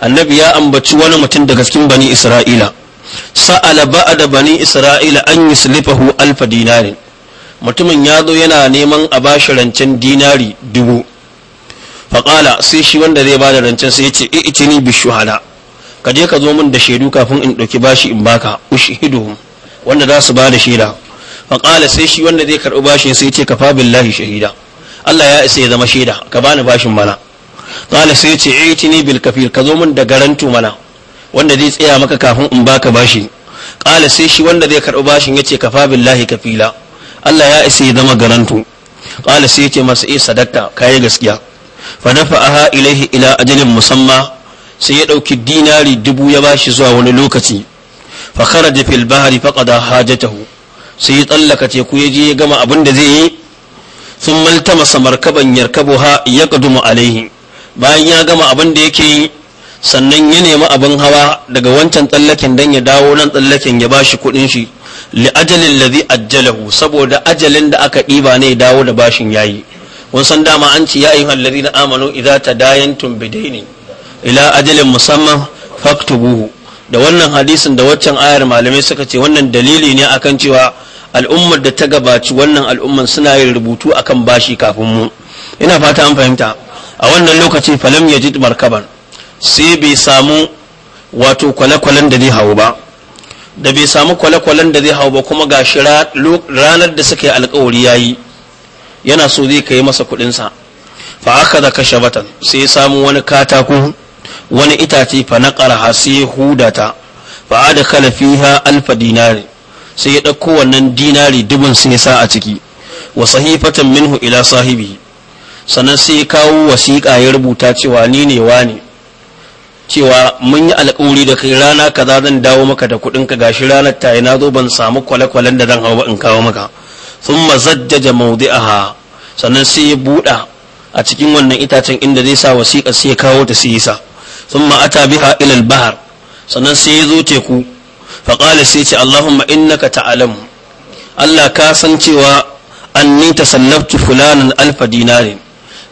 annabi ya ambaci wani mutum daga cikin bani isra'ila sa'ala da bani isra'ila an yuslifahu alfa dinarin mutumin ya zo yana neman a bashi rancen dinari dubu faƙala sai shi wanda zai bada rancen sai ya ce i'tini bi shuhada ka je ka zo min da shaidu kafin in ɗauki bashi in baka ushihiduhum wanda za su ba da shaida faƙala sai shi wanda zai karɓi bashin sai ce kafa billahi shahida Allah ya isa ya zama shaida ka bani bashin mana ƙala sai ce aitini bil kafil ka zo min da garantu mana wanda zai tsaya maka kafin in baka bashi ƙala sai shi wanda zai karɓi bashin ya ce kafa billahi kafila Allah ya isa ya zama garantu ƙala sai ce masa eh sadakta kayi gaskiya fa dafa'aha ilaihi ila ajalin musamma sai ya ɗauki dinari dubu ya bashi zuwa wani lokaci bakara da fil bahri faqada hajatahu sai ya tsallaka teku ya je ya gama abin da zai yi sun maltamasa markaban ha ya kadumu alaihi bayan ya gama abin da yake yi sannan ya nemi abin hawa daga wancan tsallaken dan ya dawo nan tsallaken ya bashi kuɗin shi li ajalin ladhi ajjalahu saboda ajalin da aka ɗiba ne dawo da bashin yayi wani san dama an ce ya ayyuhal ladina amanu idza tadayantum bidaini ila ajalin musamman faktubuhu da wannan hadisin da waccan ayar malamai suka ce wannan dalili ne akan cewa al'ummar da ta gabaci wannan al'ummar suna yin rubutu akan bashi kafin mu ina fata an fahimta a wannan lokaci falam ji markaban sai bai samu wato kwale-kwalen da zai hau ba da bai samu kwale-kwalen da zai hau ba kuma ga shi ranar da suka yi alkawari yi yana so zai kai masa kuɗinsa fa aka da kashe batan sai ya samu wani katako wani itace fa na ƙarha sai hudata fa adkhala fiha alfa dinari sai ya ɗauko wannan dinari dubun sai sa a ciki wa sahifatan minhu ila sahibi sannan sai ya kawo wasiƙa ya rubuta cewa ni ne wani cewa mun yi alƙawari da kai rana kaza zan dawo maka da kuɗin ka gashi ranar ta yi nazo ban samu kwale-kwalen da zan hau ba in kawo maka maudi a mawdi'aha sannan sai ya buɗa a cikin wannan itacen inda zai sa wasiƙa sai ya kawo ta sai ya sa thumma ata biha ila bahar sannan sai ya zo teku fa qala sai ce allahumma innaka ta'alamu Allah ka san cewa an ta tasallaftu fulanan alfa dinarin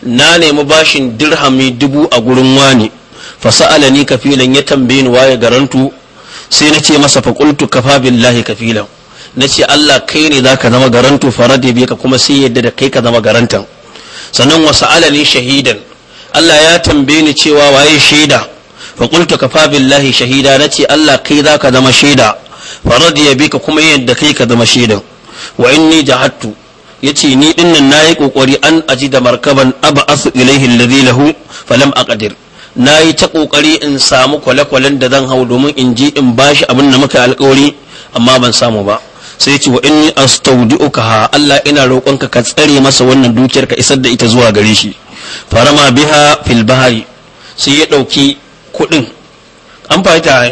na nemi bashin dirhami dubu a gurin wani fa kafilan ya tambaye ni waye garantu sai na ce masa fa qultu kafa billahi kafilan na ce Allah kai ne zaka zama garantu farade bi ka kuma sai yadda da kai ka zama garantan sannan wa sa'alani shahidan Allah ya tambaye ni cewa waye shaida fa qultu kafa billahi shahida nace Allah kai zaka zama shaida fa radiya bika kuma yadda kai ka zama shaida wa inni ja'attu yace ni dinnan nayi kokari an aji da markaban ab'asu ilaihi alladhi lahu falam aqdir nayi ta kokari in samu kwale da zan hau domin in ji in bashi abin da muka alƙawari amma ban samu ba sai ce wa inni ha Allah ina roƙonka ka tsare masa wannan dukiyar ka isar da ita zuwa gare shi farama biha fil sai ya ɗauki kuɗin an fahimta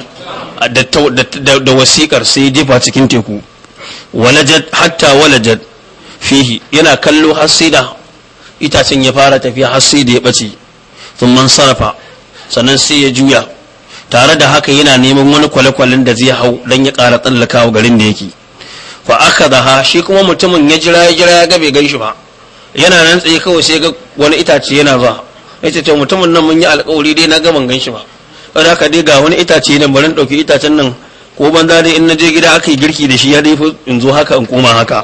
da wasikar sai ya jefa cikin teku walajad hatta walajad fihi yana kallo hasida itacen ya fara tafiya hasida ya ɓace sun sarrafa sannan sai ya juya tare da haka yana neman wani kwale-kwalen da zai hau don ya ƙara tsallakawa garin da yake fa aka zaha shi kuma mutumin ya jira ya jira ya ga bai gan shi ba yana nan tsaye kawai sai ga wani itace yana zuwa ya ce mutumin nan mun yi alkawari dai na gaban gan shi ba kada aka dai ga wani itace nan barin ɗauki itacen nan ko banza dai in na je gida aka yi girki da shi ya dai in zo haka in koma haka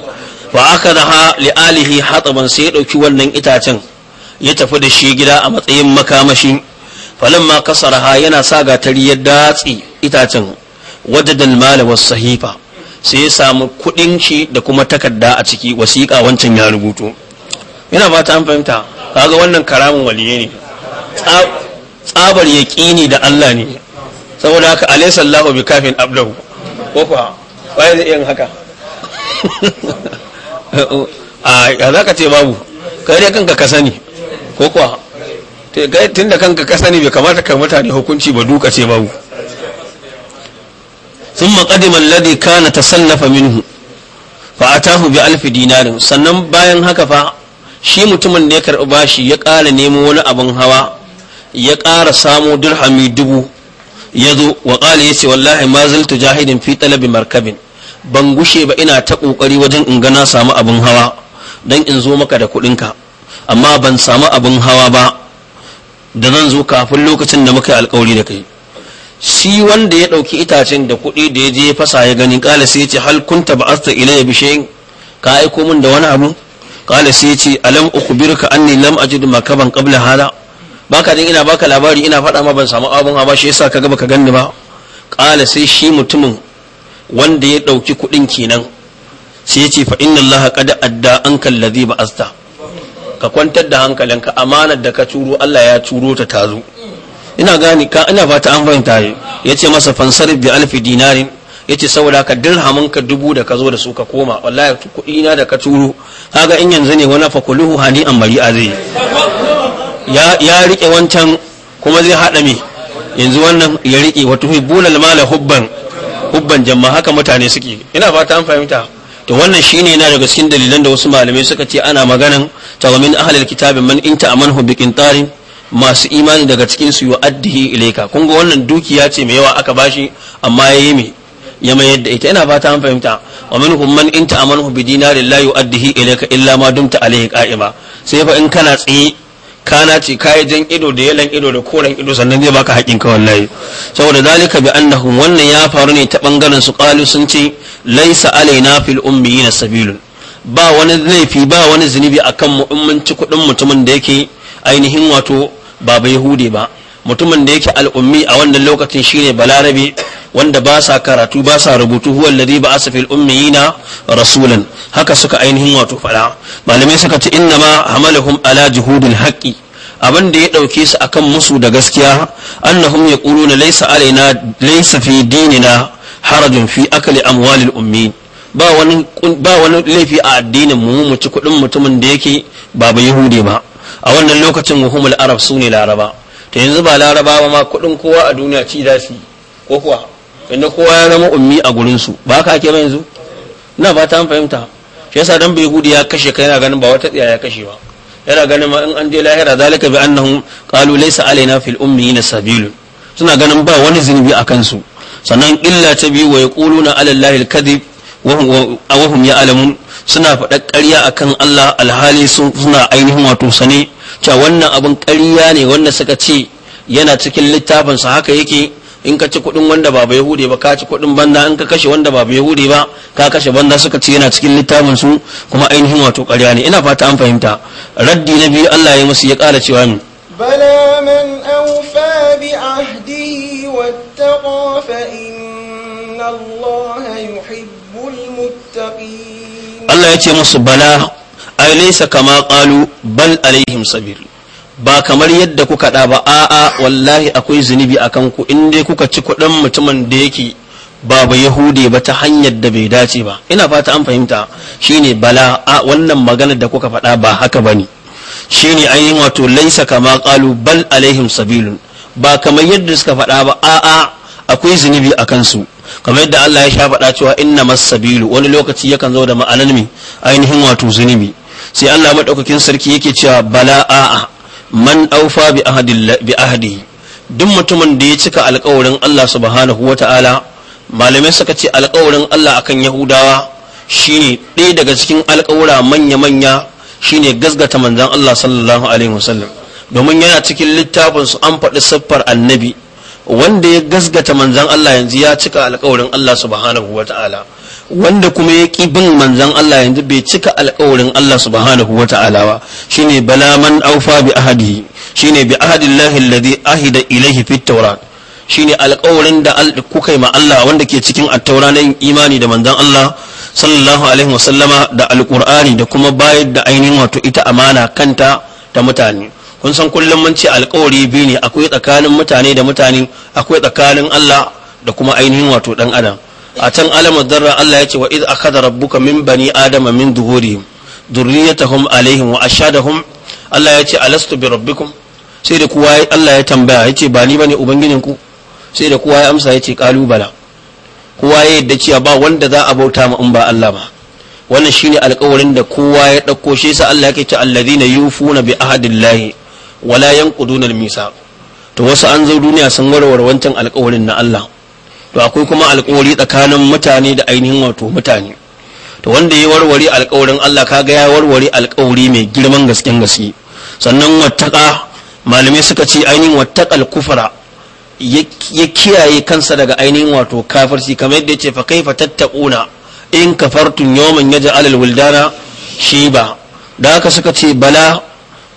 fa aka da ha li'alihi hatsaban sai ya ɗauki wannan itacen ya tafi da shi gida a matsayin makamashi falon ma kasar ha yana sa gatari ya datsi itacen wadadan malamar sahifa sai ya samu kuɗin shi da kuma takarda a ciki wasiƙa wancan ya rubuto ina ba ta an fahimta kaga wannan karamin waliye ne tsabar yaƙini da Allah ne saboda haka alayhi sallahu bi kafin abdahu ko kuwa bayan zai yin haka (laughs) a ya zaka ce babu kai dai kanka ka sani ko kuwa tunda kanka ka sani bai kamata kai mutane hukunci ba duka ce babu ثم kana الذي كان تسلف منه bi بألف dinarin sannan bayan haka fa shi mutumin da ya karɓi bashi ya ƙara nemo wani abin hawa ya ƙara samo dirhami dubu ya zo wa ƙala ya ce wallahi ma zaltu jahidin fi talabi markabin ban gushe ba ina ta ƙoƙari wajen in gana samu abin hawa don in zo maka da kuɗinka amma ban samu abin hawa ba da zan zo kafin lokacin da muka yi alƙawari da kai shi wanda ya ɗauki itacen da kuɗi da ya je fasa ya gani ƙala sai ya ce hal kunta ba'asta ilayya bishayin ka aiko min da wani abu qala sai yace alam ukhbirka anni lam ajid makaban qabla hada baka din ina baka labari ina faɗa ma ban samu abun ba shi yasa kaga baka ganni ba kala sai shi mutumin wanda ya ɗauki kuɗin kenan sai yace fa inna allaha qad adda anka alladhi ba'asta ka kwantar da hankalinka amanar da ka turo Allah ya turo ta tazo ina bata ka an fahimta yace masa fansar bi alfi dinarin yace saboda ka dirhamin ka dubu da ka zo da su ka koma wallahi kuɗi na da ka turo kaga in yanzu ne wani fakuluhu hani an a zai ya ya rike wancan kuma zai hada me yanzu wannan ya rike wa bulal mala hubban hubban jama'a haka mutane suke ina fata an fahimta to wannan shine yana daga cikin dalilan da wasu malamai suka ce ana maganan tawamin ahlul kitabi man inta amanhu biqintarin masu imani daga cikin su yu'addihi ilayka kun ga wannan dukiya ce mai yawa aka bashi amma yayi mai ya mayar da ita ina fata an fahimta wa minhum man in ta'amanu bi dinarin la yu'addihi ilayka illa ma dumta alayhi qa'ima sai fa in kana tsaye kana ce kayi jan ido da yalan ido da koren ido sannan zai baka haƙin ka wallahi saboda zalika bi annahum wannan ya faru ne ta bangaren su qalu sun ce laysa alaina fil ummiyina sabilun ba wani laifi ba wani zunubi akan mu in ci kuɗin mutumin da yake ainihin wato ba bai hude ba mutumin da yake al'ummi a wannan lokacin shine balarabe wanda ba sa karatu ba sa rubutu huwa alladhi ba'asa fil ummiyina rasulan haka suka ainihin wato fada malamai suka ce inna ma hamalahum ala juhudil haqqi abin da ya dauke su akan musu da gaskiya annahum yaquluna laysa alaina laysa fi dinina harajun fi akli amwalil ummi ba wani ba wani laifi a addinin mu mu ci kudin mutumin da yake ba ba yahudi ba a wannan lokacin wahumul arab sune laraba ta yanzu ba larabawa ma kuɗin kowa a duniya ci za su ko kuwa inda kowa ya zama ummi a gurinsu ba ka ake ba yanzu na ba ta fahimta shi yasa dan bai gudu ya kashe kai yana ganin ba wata tsaya ya kashe ba yana ganin ma in an je lahira zalika bi annahum qalu laysa alaina fil na sabilu suna ganin ba wani zunubi a kansu sannan illa ta biyu wa yaquluna ala allahi al kadhib wa hum ya'lamun suna faɗa ƙarya akan Allah alhali suna ainihin wato sane cewa wannan abin ƙarya ne wanda suka ce yana cikin littafinsa haka yake in ka ci kuɗin wanda ba ba hude ba ka ci kuɗin banda in ka kashe wanda ba ba hude ba ka kashe banda suka ce yana cikin littafin su kuma ainihin wato ƙarya ne ina fata an fahimta raddi na biyu Allah ya musu ya ƙara cewa min bala man awfa bi ahdi wattaqa fa inna Allah yuhibbul muttaqin Allah ya ce musu bala ai laysa kama qalu bal alaihim sabir ba kamar yadda kuka da ba a'a wallahi akwai zunubi akan ku in dai kuka ci kuɗin mutumin da yake ba ba yahude ba ta hanyar da bai dace ba ina fata an fahimta shine bala a wannan maganar da kuka faɗa ba haka bane shine ai wato laisa kama qalu bal alaihim sabil ba kamar yadda suka faɗa ba a'a akwai zunubi a kansu kamar yadda Allah ya sha faɗa cewa inna masabilu wani lokaci yakan zo da ma'anar mi ainihin wato zunubi sai Allah madaukakin sarki yake cewa bala a'a man aufa bi bi duk mutumin da ya cika alkawarin Allah subhanahu wata'ala malamai suka ce alkawarin Allah akan Yahudawa shine ɗaya daga cikin alkawura manya-manya shine gasgata manzon Allah sallallahu alaihi wasallam domin yana cikin littafin su an faɗi siffar annabi wanda ya gasgata manzon Allah yanzu ya cika alkawarin Allah subhanahu wata'ala wanda kuma ya ki bin manzan Allah yanzu bai cika alƙawarin Allah subhanahu wa ta'ala ba shine bala man aufa bi ahadi shine bi Allah alladhi ahida ilaihi fit tawrat shine alƙawarin da kuka yi ma Allah wanda ke cikin at imani da manzan Allah sallallahu alaihi sallama da alƙur'ani da kuma bayar da ainihin wato ita amana kanta ta mutane kun san kullum mun ce alƙawari biyu ne akwai tsakanin mutane da mutane akwai tsakanin Allah da kuma ainihin wato dan adam a can alama darra Allah ya ce wa iz akhadha rabbuka min bani adama min duhurihim dhurriyyatahum alaihim wa ashadahum Allah ya ce alastu bi rabbikum sai da kowa Allah ya tambaya yace ce ba ni bane ubangijin ku sai da kowa ya amsa yace ce kalubala kowa ya yadda cewa ba wanda za a bauta ma in ba Allah ba wannan shine alƙawarin da kowa ya ɗauko shi sa Allah yake ce alladhina yufuna bi ahadillahi wala yanquduna al misa to wasu an zo duniya sun warware wancan alƙawarin na Allah to akwai kuma alkawari tsakanin mutane da ainihin wato mutane to wanda ya warware alkawarin Allah kaga ya warware alkawari mai girman gasken gaske sannan wattaka malamai suka ce ainihin wattakal kufra ya kiyaye kansa daga ainihin wato kafirci kamar yadda yace fa kaifa tattauna in kafartum yawman yaj'al al-wildana shiba da haka suka ce bala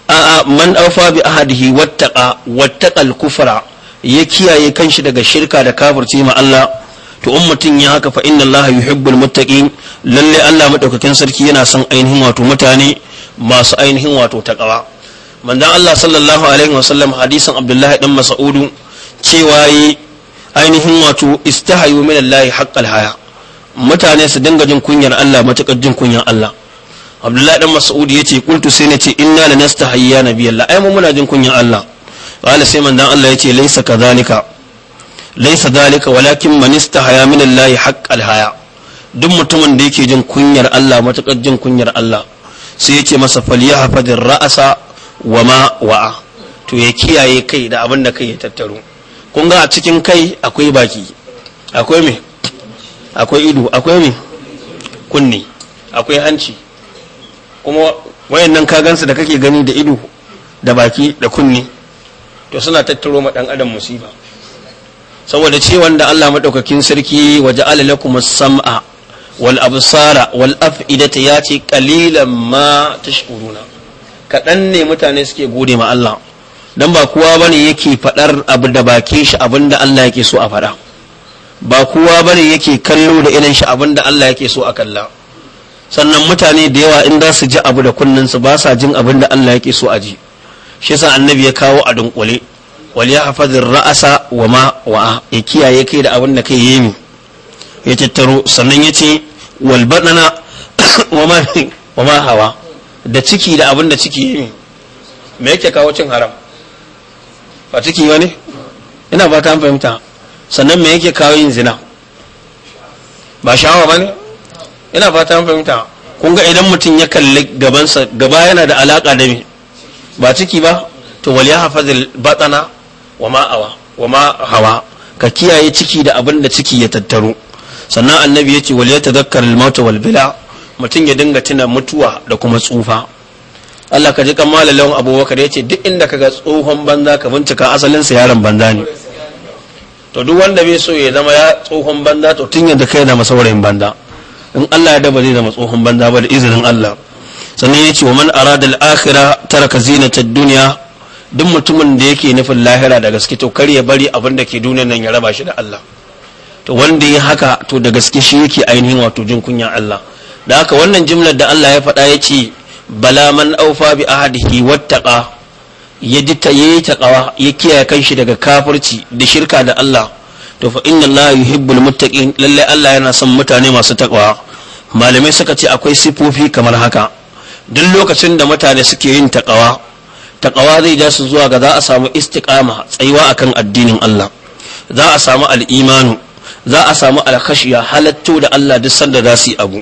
a man aufa bi ahadihi wattaqa wattaqal kufra ya kiyaye kanshi daga shirka da kafirci ma Allah to in mutum ya haka fa inna Allah yuhibbul muttaqin lalle Allah madaukakin sarki yana son ainihin wato mutane masu ainihin wato takawa manzon Allah sallallahu alaihi wasallam hadisin Abdullah dan Mas'ud cewa yi ainihin wato istahayu min Allah haqqal haya mutane su dinga jin kunyar Allah matakar jin kunyar Allah Abdullah dan Mas'ud yace qultu sai nace inna lanastahayya nabiyallahi ai mu muna jin kunyar Allah qala sai manzon Allah yace laysa kadhalika laysa zalika walakin man istahaya min Allah haqqal haya duk mutumin da yake jin kunyar Allah matakar jin kunyar Allah sai yace masa falyahfadir ra'asa wa ma wa'a to ya kiyaye kai da abin da kai ya tattaro kun ga a cikin kai akwai baki akwai me akwai ido akwai me kunni akwai hanci kuma wayannan ka gansu da kake gani da ido da baki da kunni to suna tattaro ma dan adam musiba saboda ce wanda Allah madaukakin sarki waje ja'ala sam'a wal absara wal af'idata ya ce qalilan ma tashkuruna kaɗan ne mutane suke gode ma Allah dan ba kowa bane yake faɗar abu da bakin shi abinda Allah yake so a faɗa ba kowa bane yake kallo da irin shi abinda Allah yake so a kalla sannan mutane da yawa in za su ji abu da kunnensu ba sa jin abinda Allah yake so a ji shi yasa annabi ya kawo a dunkule wal yahfazir ra'asa wa ma wa ah, ya kiyaye kai da abin da kai yi ya tattaro sannan ya ce wal badana (coughs) wa ma wa ma hawa da ciki da abin da ciki yi me yake kawo cin haram ba ciki ba ne ina ba ta fahimta sannan me yake kawo yin zina ba sha'awa ba ne ina ba ta fahimta kun ga idan mutum ya kalli gabansa gaba yana da alaka da me ba ciki ba to wal ya batana wa ma wa ma hawa ka kiyaye ciki da abin da ciki ya tattaro sannan annabi yace wal yatadhakkar al maut wal bila mutum ya dinga tuna mutuwa da kuma tsufa Allah ka ji kan malalan abubakar ce duk inda kaga tsohon banza ka bincika asalin sa yaron banza ne to duk wanda bai so ya zama ya tsohon banza to tun yadda kai na masaurayin banza in Allah ya daba zai zama tsohon banza ba da izinin Allah sannan ya ce wa man arada al-akhira taraka zinata dunya duk mutumin da yake nufin lahira da gaske to kar ya bari abin da ke duniyar nan ya raba shi da Allah to wanda ya haka to da gaske shi yake ainihin wato jin kunyan Allah da haka wannan jimlar da Allah ya faɗa ya ce bala man aufa bi ahadihi wattaqa ya ji ta yi taƙawa ya kiyaye kan shi daga kafirci da shirka da Allah to fa inna Allah yuhibbul muttaqin lalle Allah yana son mutane masu taƙawa malamai suka ce akwai sifofi kamar haka duk lokacin da mutane suke yin taƙawa taƙawa zai ja su zuwa ga za a samu istiƙama tsayuwa akan addinin Allah za a samu al'imanu za a samu alkashiya halatto da Allah duk sanda za su yi abu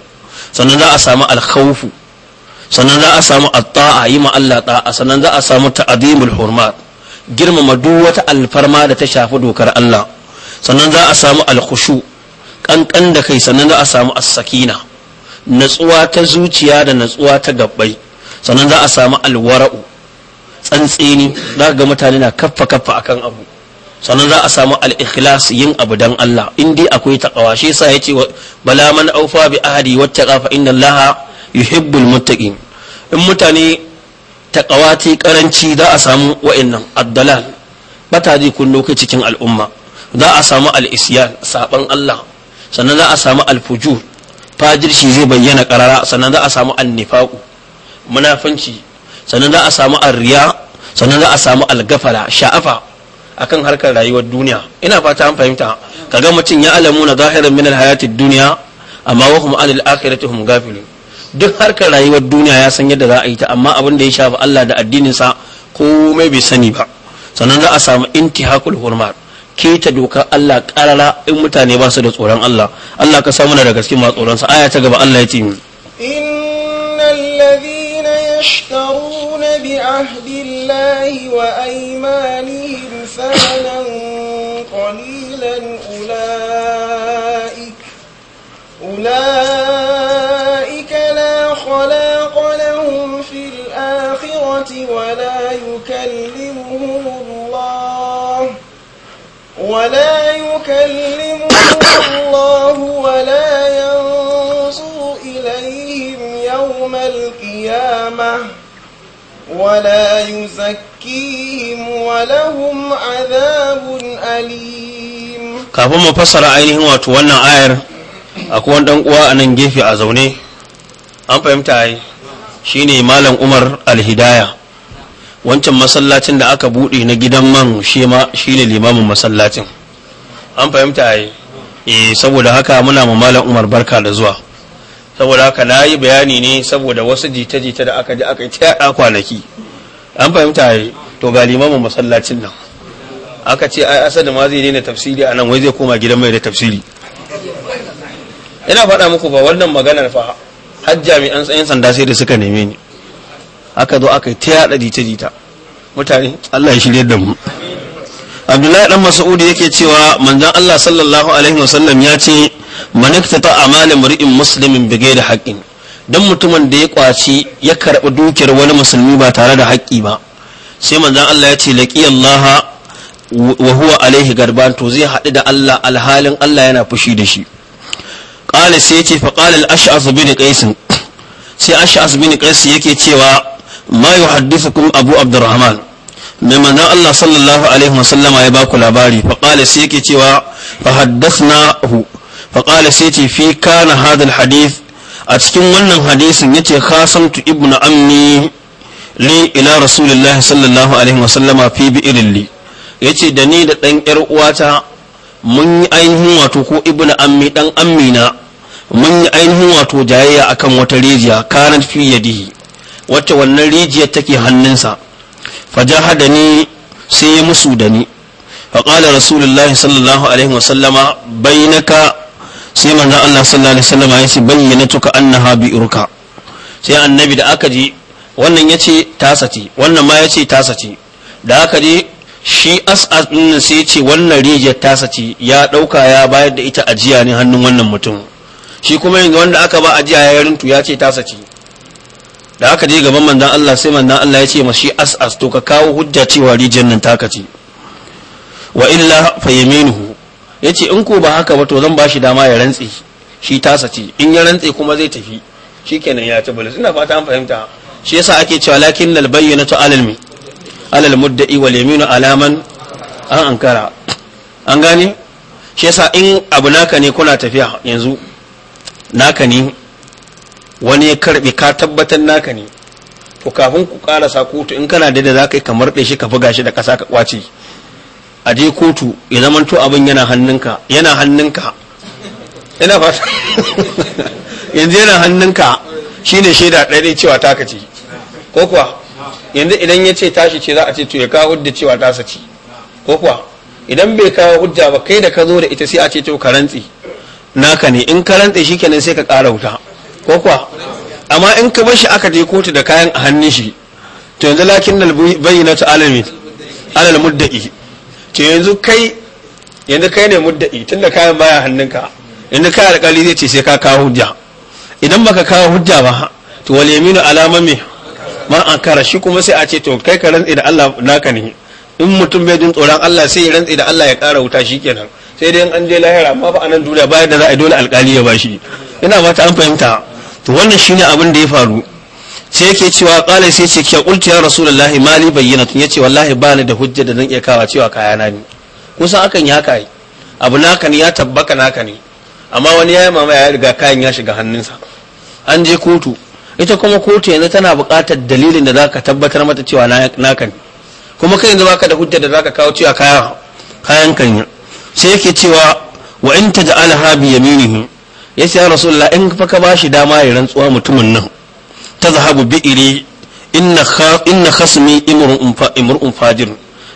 sannan za a samu alkhawfu sannan za a samu atta'a yi ma Allah ta'a sannan za a samu ta'azimul hurmat girmama duk wata alfarma da ta shafi dokar Allah sannan za a samu alkhushu kankan da kai sannan za a samu as-sakina natsuwa ta zuciya da natsuwa ta gabbai sannan za a samu alwara'u tsantseni za ga mutane na kaffa kaffa akan abu sannan za a samu al-ikhlas yin abu dan Allah in dai akwai takawa shi yasa yace bala man aufa bi ahadi wattaqa fa inna Allah yuhibbul muttaqin in mutane takawa ta karanci za a samu wa'annan ad-dalal bata zai kullo cikin al'umma za a samu al-isyan saban Allah sannan za a samu al-fujur fajirci zai bayyana karara sannan za a samu annifaku munafanci sannan za a samu arriya sannan za a samu algafara sha'afa akan harkar rayuwar duniya ina fata an fahimta kaga mutum ya alamu na zahirin min alhayati duniya amma wa hum anil akhirati hum gafilun duk harkar rayuwar duniya ya san yadda za a yi ta amma abin da ya shafi Allah da addinin sa komai bai sani ba sannan za a samu intihakul hurmat keta dokar Allah karara in mutane ba su da tsoron Allah Allah ka samu da gaske ma tsoron sa aya ta gaba Allah ya ce innal ladhina yashtaruna bi ahdi Allahi wa aymanihim sanan qalilan ulaik ulaik la khalaqa lahum fil akhirati wa la yukallimuhum ولا يكلمهم الله ولا ينظر إليهم يوم القيامة ولا يزكيهم ولهم عذاب أليم kafin mu fassara ainihin wato wannan ayar akwai wani dan uwa a nan gefe a zaune an fahimta ai shine malam Umar Alhidaya wancan masallacin da aka buɗe na gidan man shi ne limamin masallacin an fahimta yi e eh, saboda haka muna ma malam umar barka da zuwa saboda haka na yi bayani ne saboda wasu jita-jita da aka ji aka ta yaɗa kwanaki an fahimta yi to ga limamin masallacin nan aka ce ai asali ma zai daina tafsiri a nan wai zai koma gidan mai da tafsiri ina faɗa muku fa wannan maganar fa har jami'an tsayin sanda sai da suka neme ni aka zo aka yi ta yada jita-jita mutane Allah ya shirye da mu Abdullahi dan Mas'udi yake cewa manzon Allah sallallahu alaihi wasallam ya ce man iktata amala mar'in muslimin bi ghairi haqqin dan mutumin da ya kwaci ya karbi dukiyar wani musulmi ba tare da haƙƙi ba sai manzon Allah ya ce laqiyallaha wa huwa alaihi garban to zai haɗu da Allah alhalin Allah yana fushi da shi qala sai ya ce fa qala al-ash'ath bin qais sai ash'ath bin qais yake cewa ma yuhaddithukum abu abdurrahman mai manzon Allah sallallahu alaihi wasallama ya baku labari fa qala sai yake cewa fa haddathnahu fa qala sai ce fi kana hadal hadith a cikin wannan hadisin yace khasamtu ibnu amni li ila rasulillahi sallallahu alaihi wasallama fi bi'illi yace da ni da dan yar uwata mun yi ainihin wato ko ibnu ammi dan ammi na mun yi ainihin wato jayayya akan wata rijiya kanat fi yadihi wacce wannan rijiyar take hannunsa fajahada ni sai ya musu da ni faƙala rasulullahi sallallahu alaihi wasallama bainaka sai manzon Allah sallallahu alaihi wasallama ya ce bayyana tuka annaha urka sai annabi da aka ji wannan ya ce tasa ce wannan ma ya ce tasa ce da aka ji shi as'ad din sai ce wannan rijiyar tasa ce ya ɗauka ya bayar da ita ajiya ne hannun wannan mutum shi kuma yanzu wanda aka ba ajiya ya rintu ya ce tasa ce da aka je gaban manzan Allah sai manzan Allah ya ce mashi as'as to ka kawo hujja cewa rijiyar nan taka ce wa illa fa yaminuhu yace in ko ba haka ba to zan bashi dama ya rantsi shi tasa ce in ya rantsi kuma zai tafi shikenan ya ci bulus ina fata an fahimta shi yasa ake cewa lakin lal bayyinatu alal mi alal mudda'i wal yaminu alaman an ankara an gane shi yasa in abu naka ne kuna tafiya yanzu naka ne wani ya karbi ka tabbatar naka ne to kafin ku karasa kotu in kana da za ka yi ka ɗaya shi ka buga shi da ƙasa ka kwace a je kotu ya to abin yana hannunka yana hannunka yana fata (laughs) yanzu yana hannunka shine shaida ɗaya cewa ka ce ko kuwa yanzu idan ya ce tashi ce za a ce to ya kawo da cewa ta ci ko kuwa idan bai kawo hujja ba kai da ka zo da ita sai a ce to ka rantse naka ne in ka rantse shikenan sai ka ƙara wuta ko kuwa amma in ka bar shi aka je kotu da kayan a hannun shi to yanzu lakin da bayyana ta alami alal mudda'i to yanzu kai yanzu kai ne mudda'i tunda kayan baya hannunka yanzu kai alƙali zai ce sai ka kawo hujja idan baka kawo hujja ba to wal yaminu alama me ma an kara shi kuma sai a ce to kai ka rantsi da Allah naka ne in mutum bai jin tsoron Allah sai ya rantsi da Allah ya ƙara wuta shikenan sai dai an je lahira amma ba anan duniya bayan da za a dole alƙali ya bashi ina mata an fahimta to wannan ne abin da ya faru sai yake cewa kala sai ce kiya kulti ya rasulullahi mali tun yace wallahi ba ni da hujja da zan iya kawa cewa kaya na ne kusan akan ya kai abu naka ne ya tabbaka naka ne amma wani yayi mama ya riga kayan ya shiga hannunsa an je kotu ita kuma kotu yanzu tana buƙatar dalilin da zaka tabbatar mata cewa naka ne kuma kai yanzu baka da hujja da zaka kawo cewa kaya kayan kan sai yake cewa wa in taj'alha bi yaminihi ya ce ya rasulullah in fa ka bashi dama ya rantsuwa mutumin nan ta zahabu bi'iri inna khasmi imru'un fajir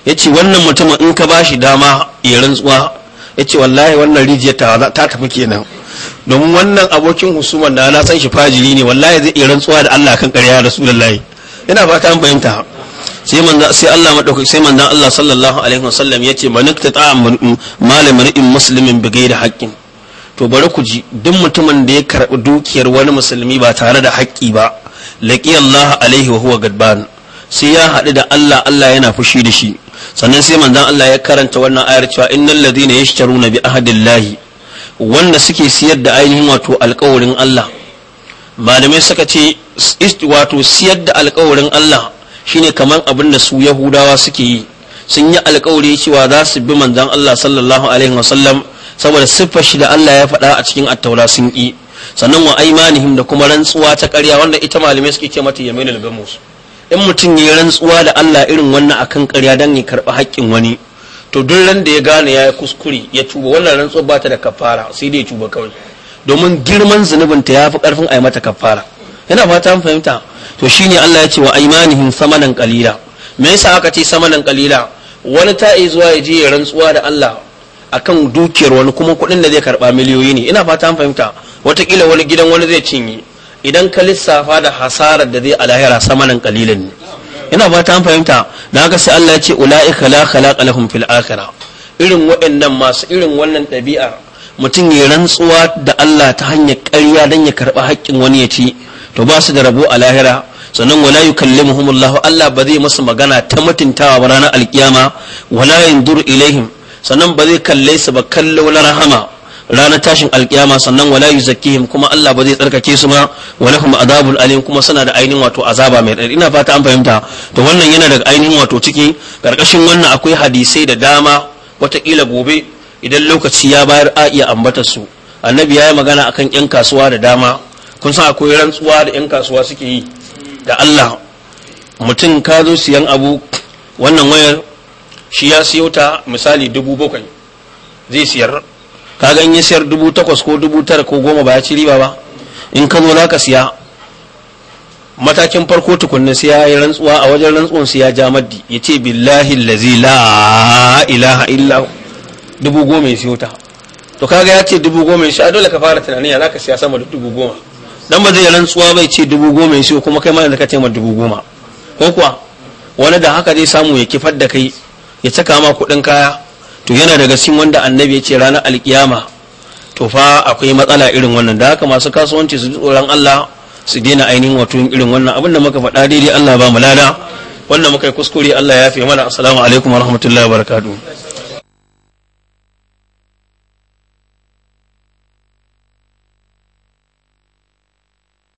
ya ce wannan mutumin in ka bashi dama ya rantsuwa ya ce wallahi wannan rijiyar ta tafi kenan domin wannan abokin husuman da na san shi fajiri ne wallahi zai iya rantsuwa da Allah kan ƙarya rasulullahi yana fata an fahimta sai manzo sai Allah madauki sai manzo Allah sallallahu alaihi wasallam yace manikta ta'am malamin in muslimin bi ghairi haqqin to bari ku ji duk mutumin da ya karɓi dukiyar wani musulmi ba tare da haƙƙi ba laƙi Allah alaihi wa huwa gadban sai ya haɗu da Allah Allah yana fushi da shi sannan sai manzon Allah ya karanta wannan ayar cewa innal ladina yashtaruna bi ahadillahi wanda suke siyar da ainihin wato alƙawarin Allah malamai suka ce wato siyar da alƙawarin Allah shine kamar abin da su Yahudawa suke yi sun yi alƙawari cewa za su bi manzon Allah sallallahu alaihi wasallam saboda siffar shi da Allah ya faɗa a cikin attaura sun ƙi sannan wa aimanihim da kuma rantsuwa ta ƙarya wanda ita malamai suke ce mata yaminul gamus in mutum ya rantsuwa da Allah irin wannan akan ƙarya dan ya karɓi haƙƙin wani to duk ran da ya gane ya kuskure ya tuba wannan rantsuwa ba ta da kafara sai dai ya tuba kawai domin girman zunubin ta yafi karfin yi mata kafara yana fata an fahimta to shi ne Allah ya ce wa aimanihim samanan qalila me yasa aka ce samanan qalila wani ta zuwa ya je ya rantsuwa da Allah akan dukiyar wani kuma kuɗin da zai karɓa miliyoyi ne ina fata an fahimta watakila wani gidan wani zai cinye idan ka lissafa da hasarar da zai a lahira nan kalilin ne ina fata an fahimta na ga sai Allah ya ce ula'ika la khalaqa lahum fil akhirah irin waɗannan masu irin wannan ɗabi'a mutum ya rantsuwa da Allah ta hanyar ƙarya dan ya karɓa haƙƙin wani ya ci to ba su da rabo a lahira sannan wala kalli Allah Allah ba zai musu magana ta mutuntawa ba ranar alkiyama wala dur ilaihim sannan ba zai kalle su ba kallo na rahama ranar tashin alkiyama sannan wala yuzakkihim kuma Allah ba zai tsarkake su ma wala kuma azabul alim kuma suna da ainihin wato azaba mai radadi ina fata an fahimta to wannan yana daga ainihin wato ciki karkashin wannan akwai hadisai da dama watakila gobe idan lokaci ya bayar a iya ambatar su annabi ya yi magana akan yan kasuwa da dama kun san akwai rantsuwa da yan kasuwa suke yi da Allah mutum ka zo siyan abu wannan wayar shi ya siyo ta misali dubu bakwai zai siyar ka gan siyar dubu takwas ko dubu tara ko goma ba ya ci riba ba in ka zo naka siya matakin farko tukunna sai ya yi rantsuwa a wajen rantsuwan sai ya ja maddi ya ce billahi lazi la ilaha illa dubu goma ya siyo ta to kaga ya ce dubu goma ya siya dole ka fara tunanin ya ka siya sama da dubu goma dan ba zai rantsuwa bai ce dubu goma ya siyo kuma kai ma da ka ce ma dubu goma ko kuwa wani da haka zai samu ya kifar da kai ya caka ma kuɗin kaya to yana daga cikin wanda annabi ya ce ranar alkiyama to fa akwai matsala irin wannan da haka masu kasuwanci su tsoron Allah su daina ainihin wato irin wannan abin da muka faɗa daidai Allah ba mu lada wannan muka yi kuskure Allah ya fi mana assalamu alaikum wa barakatuh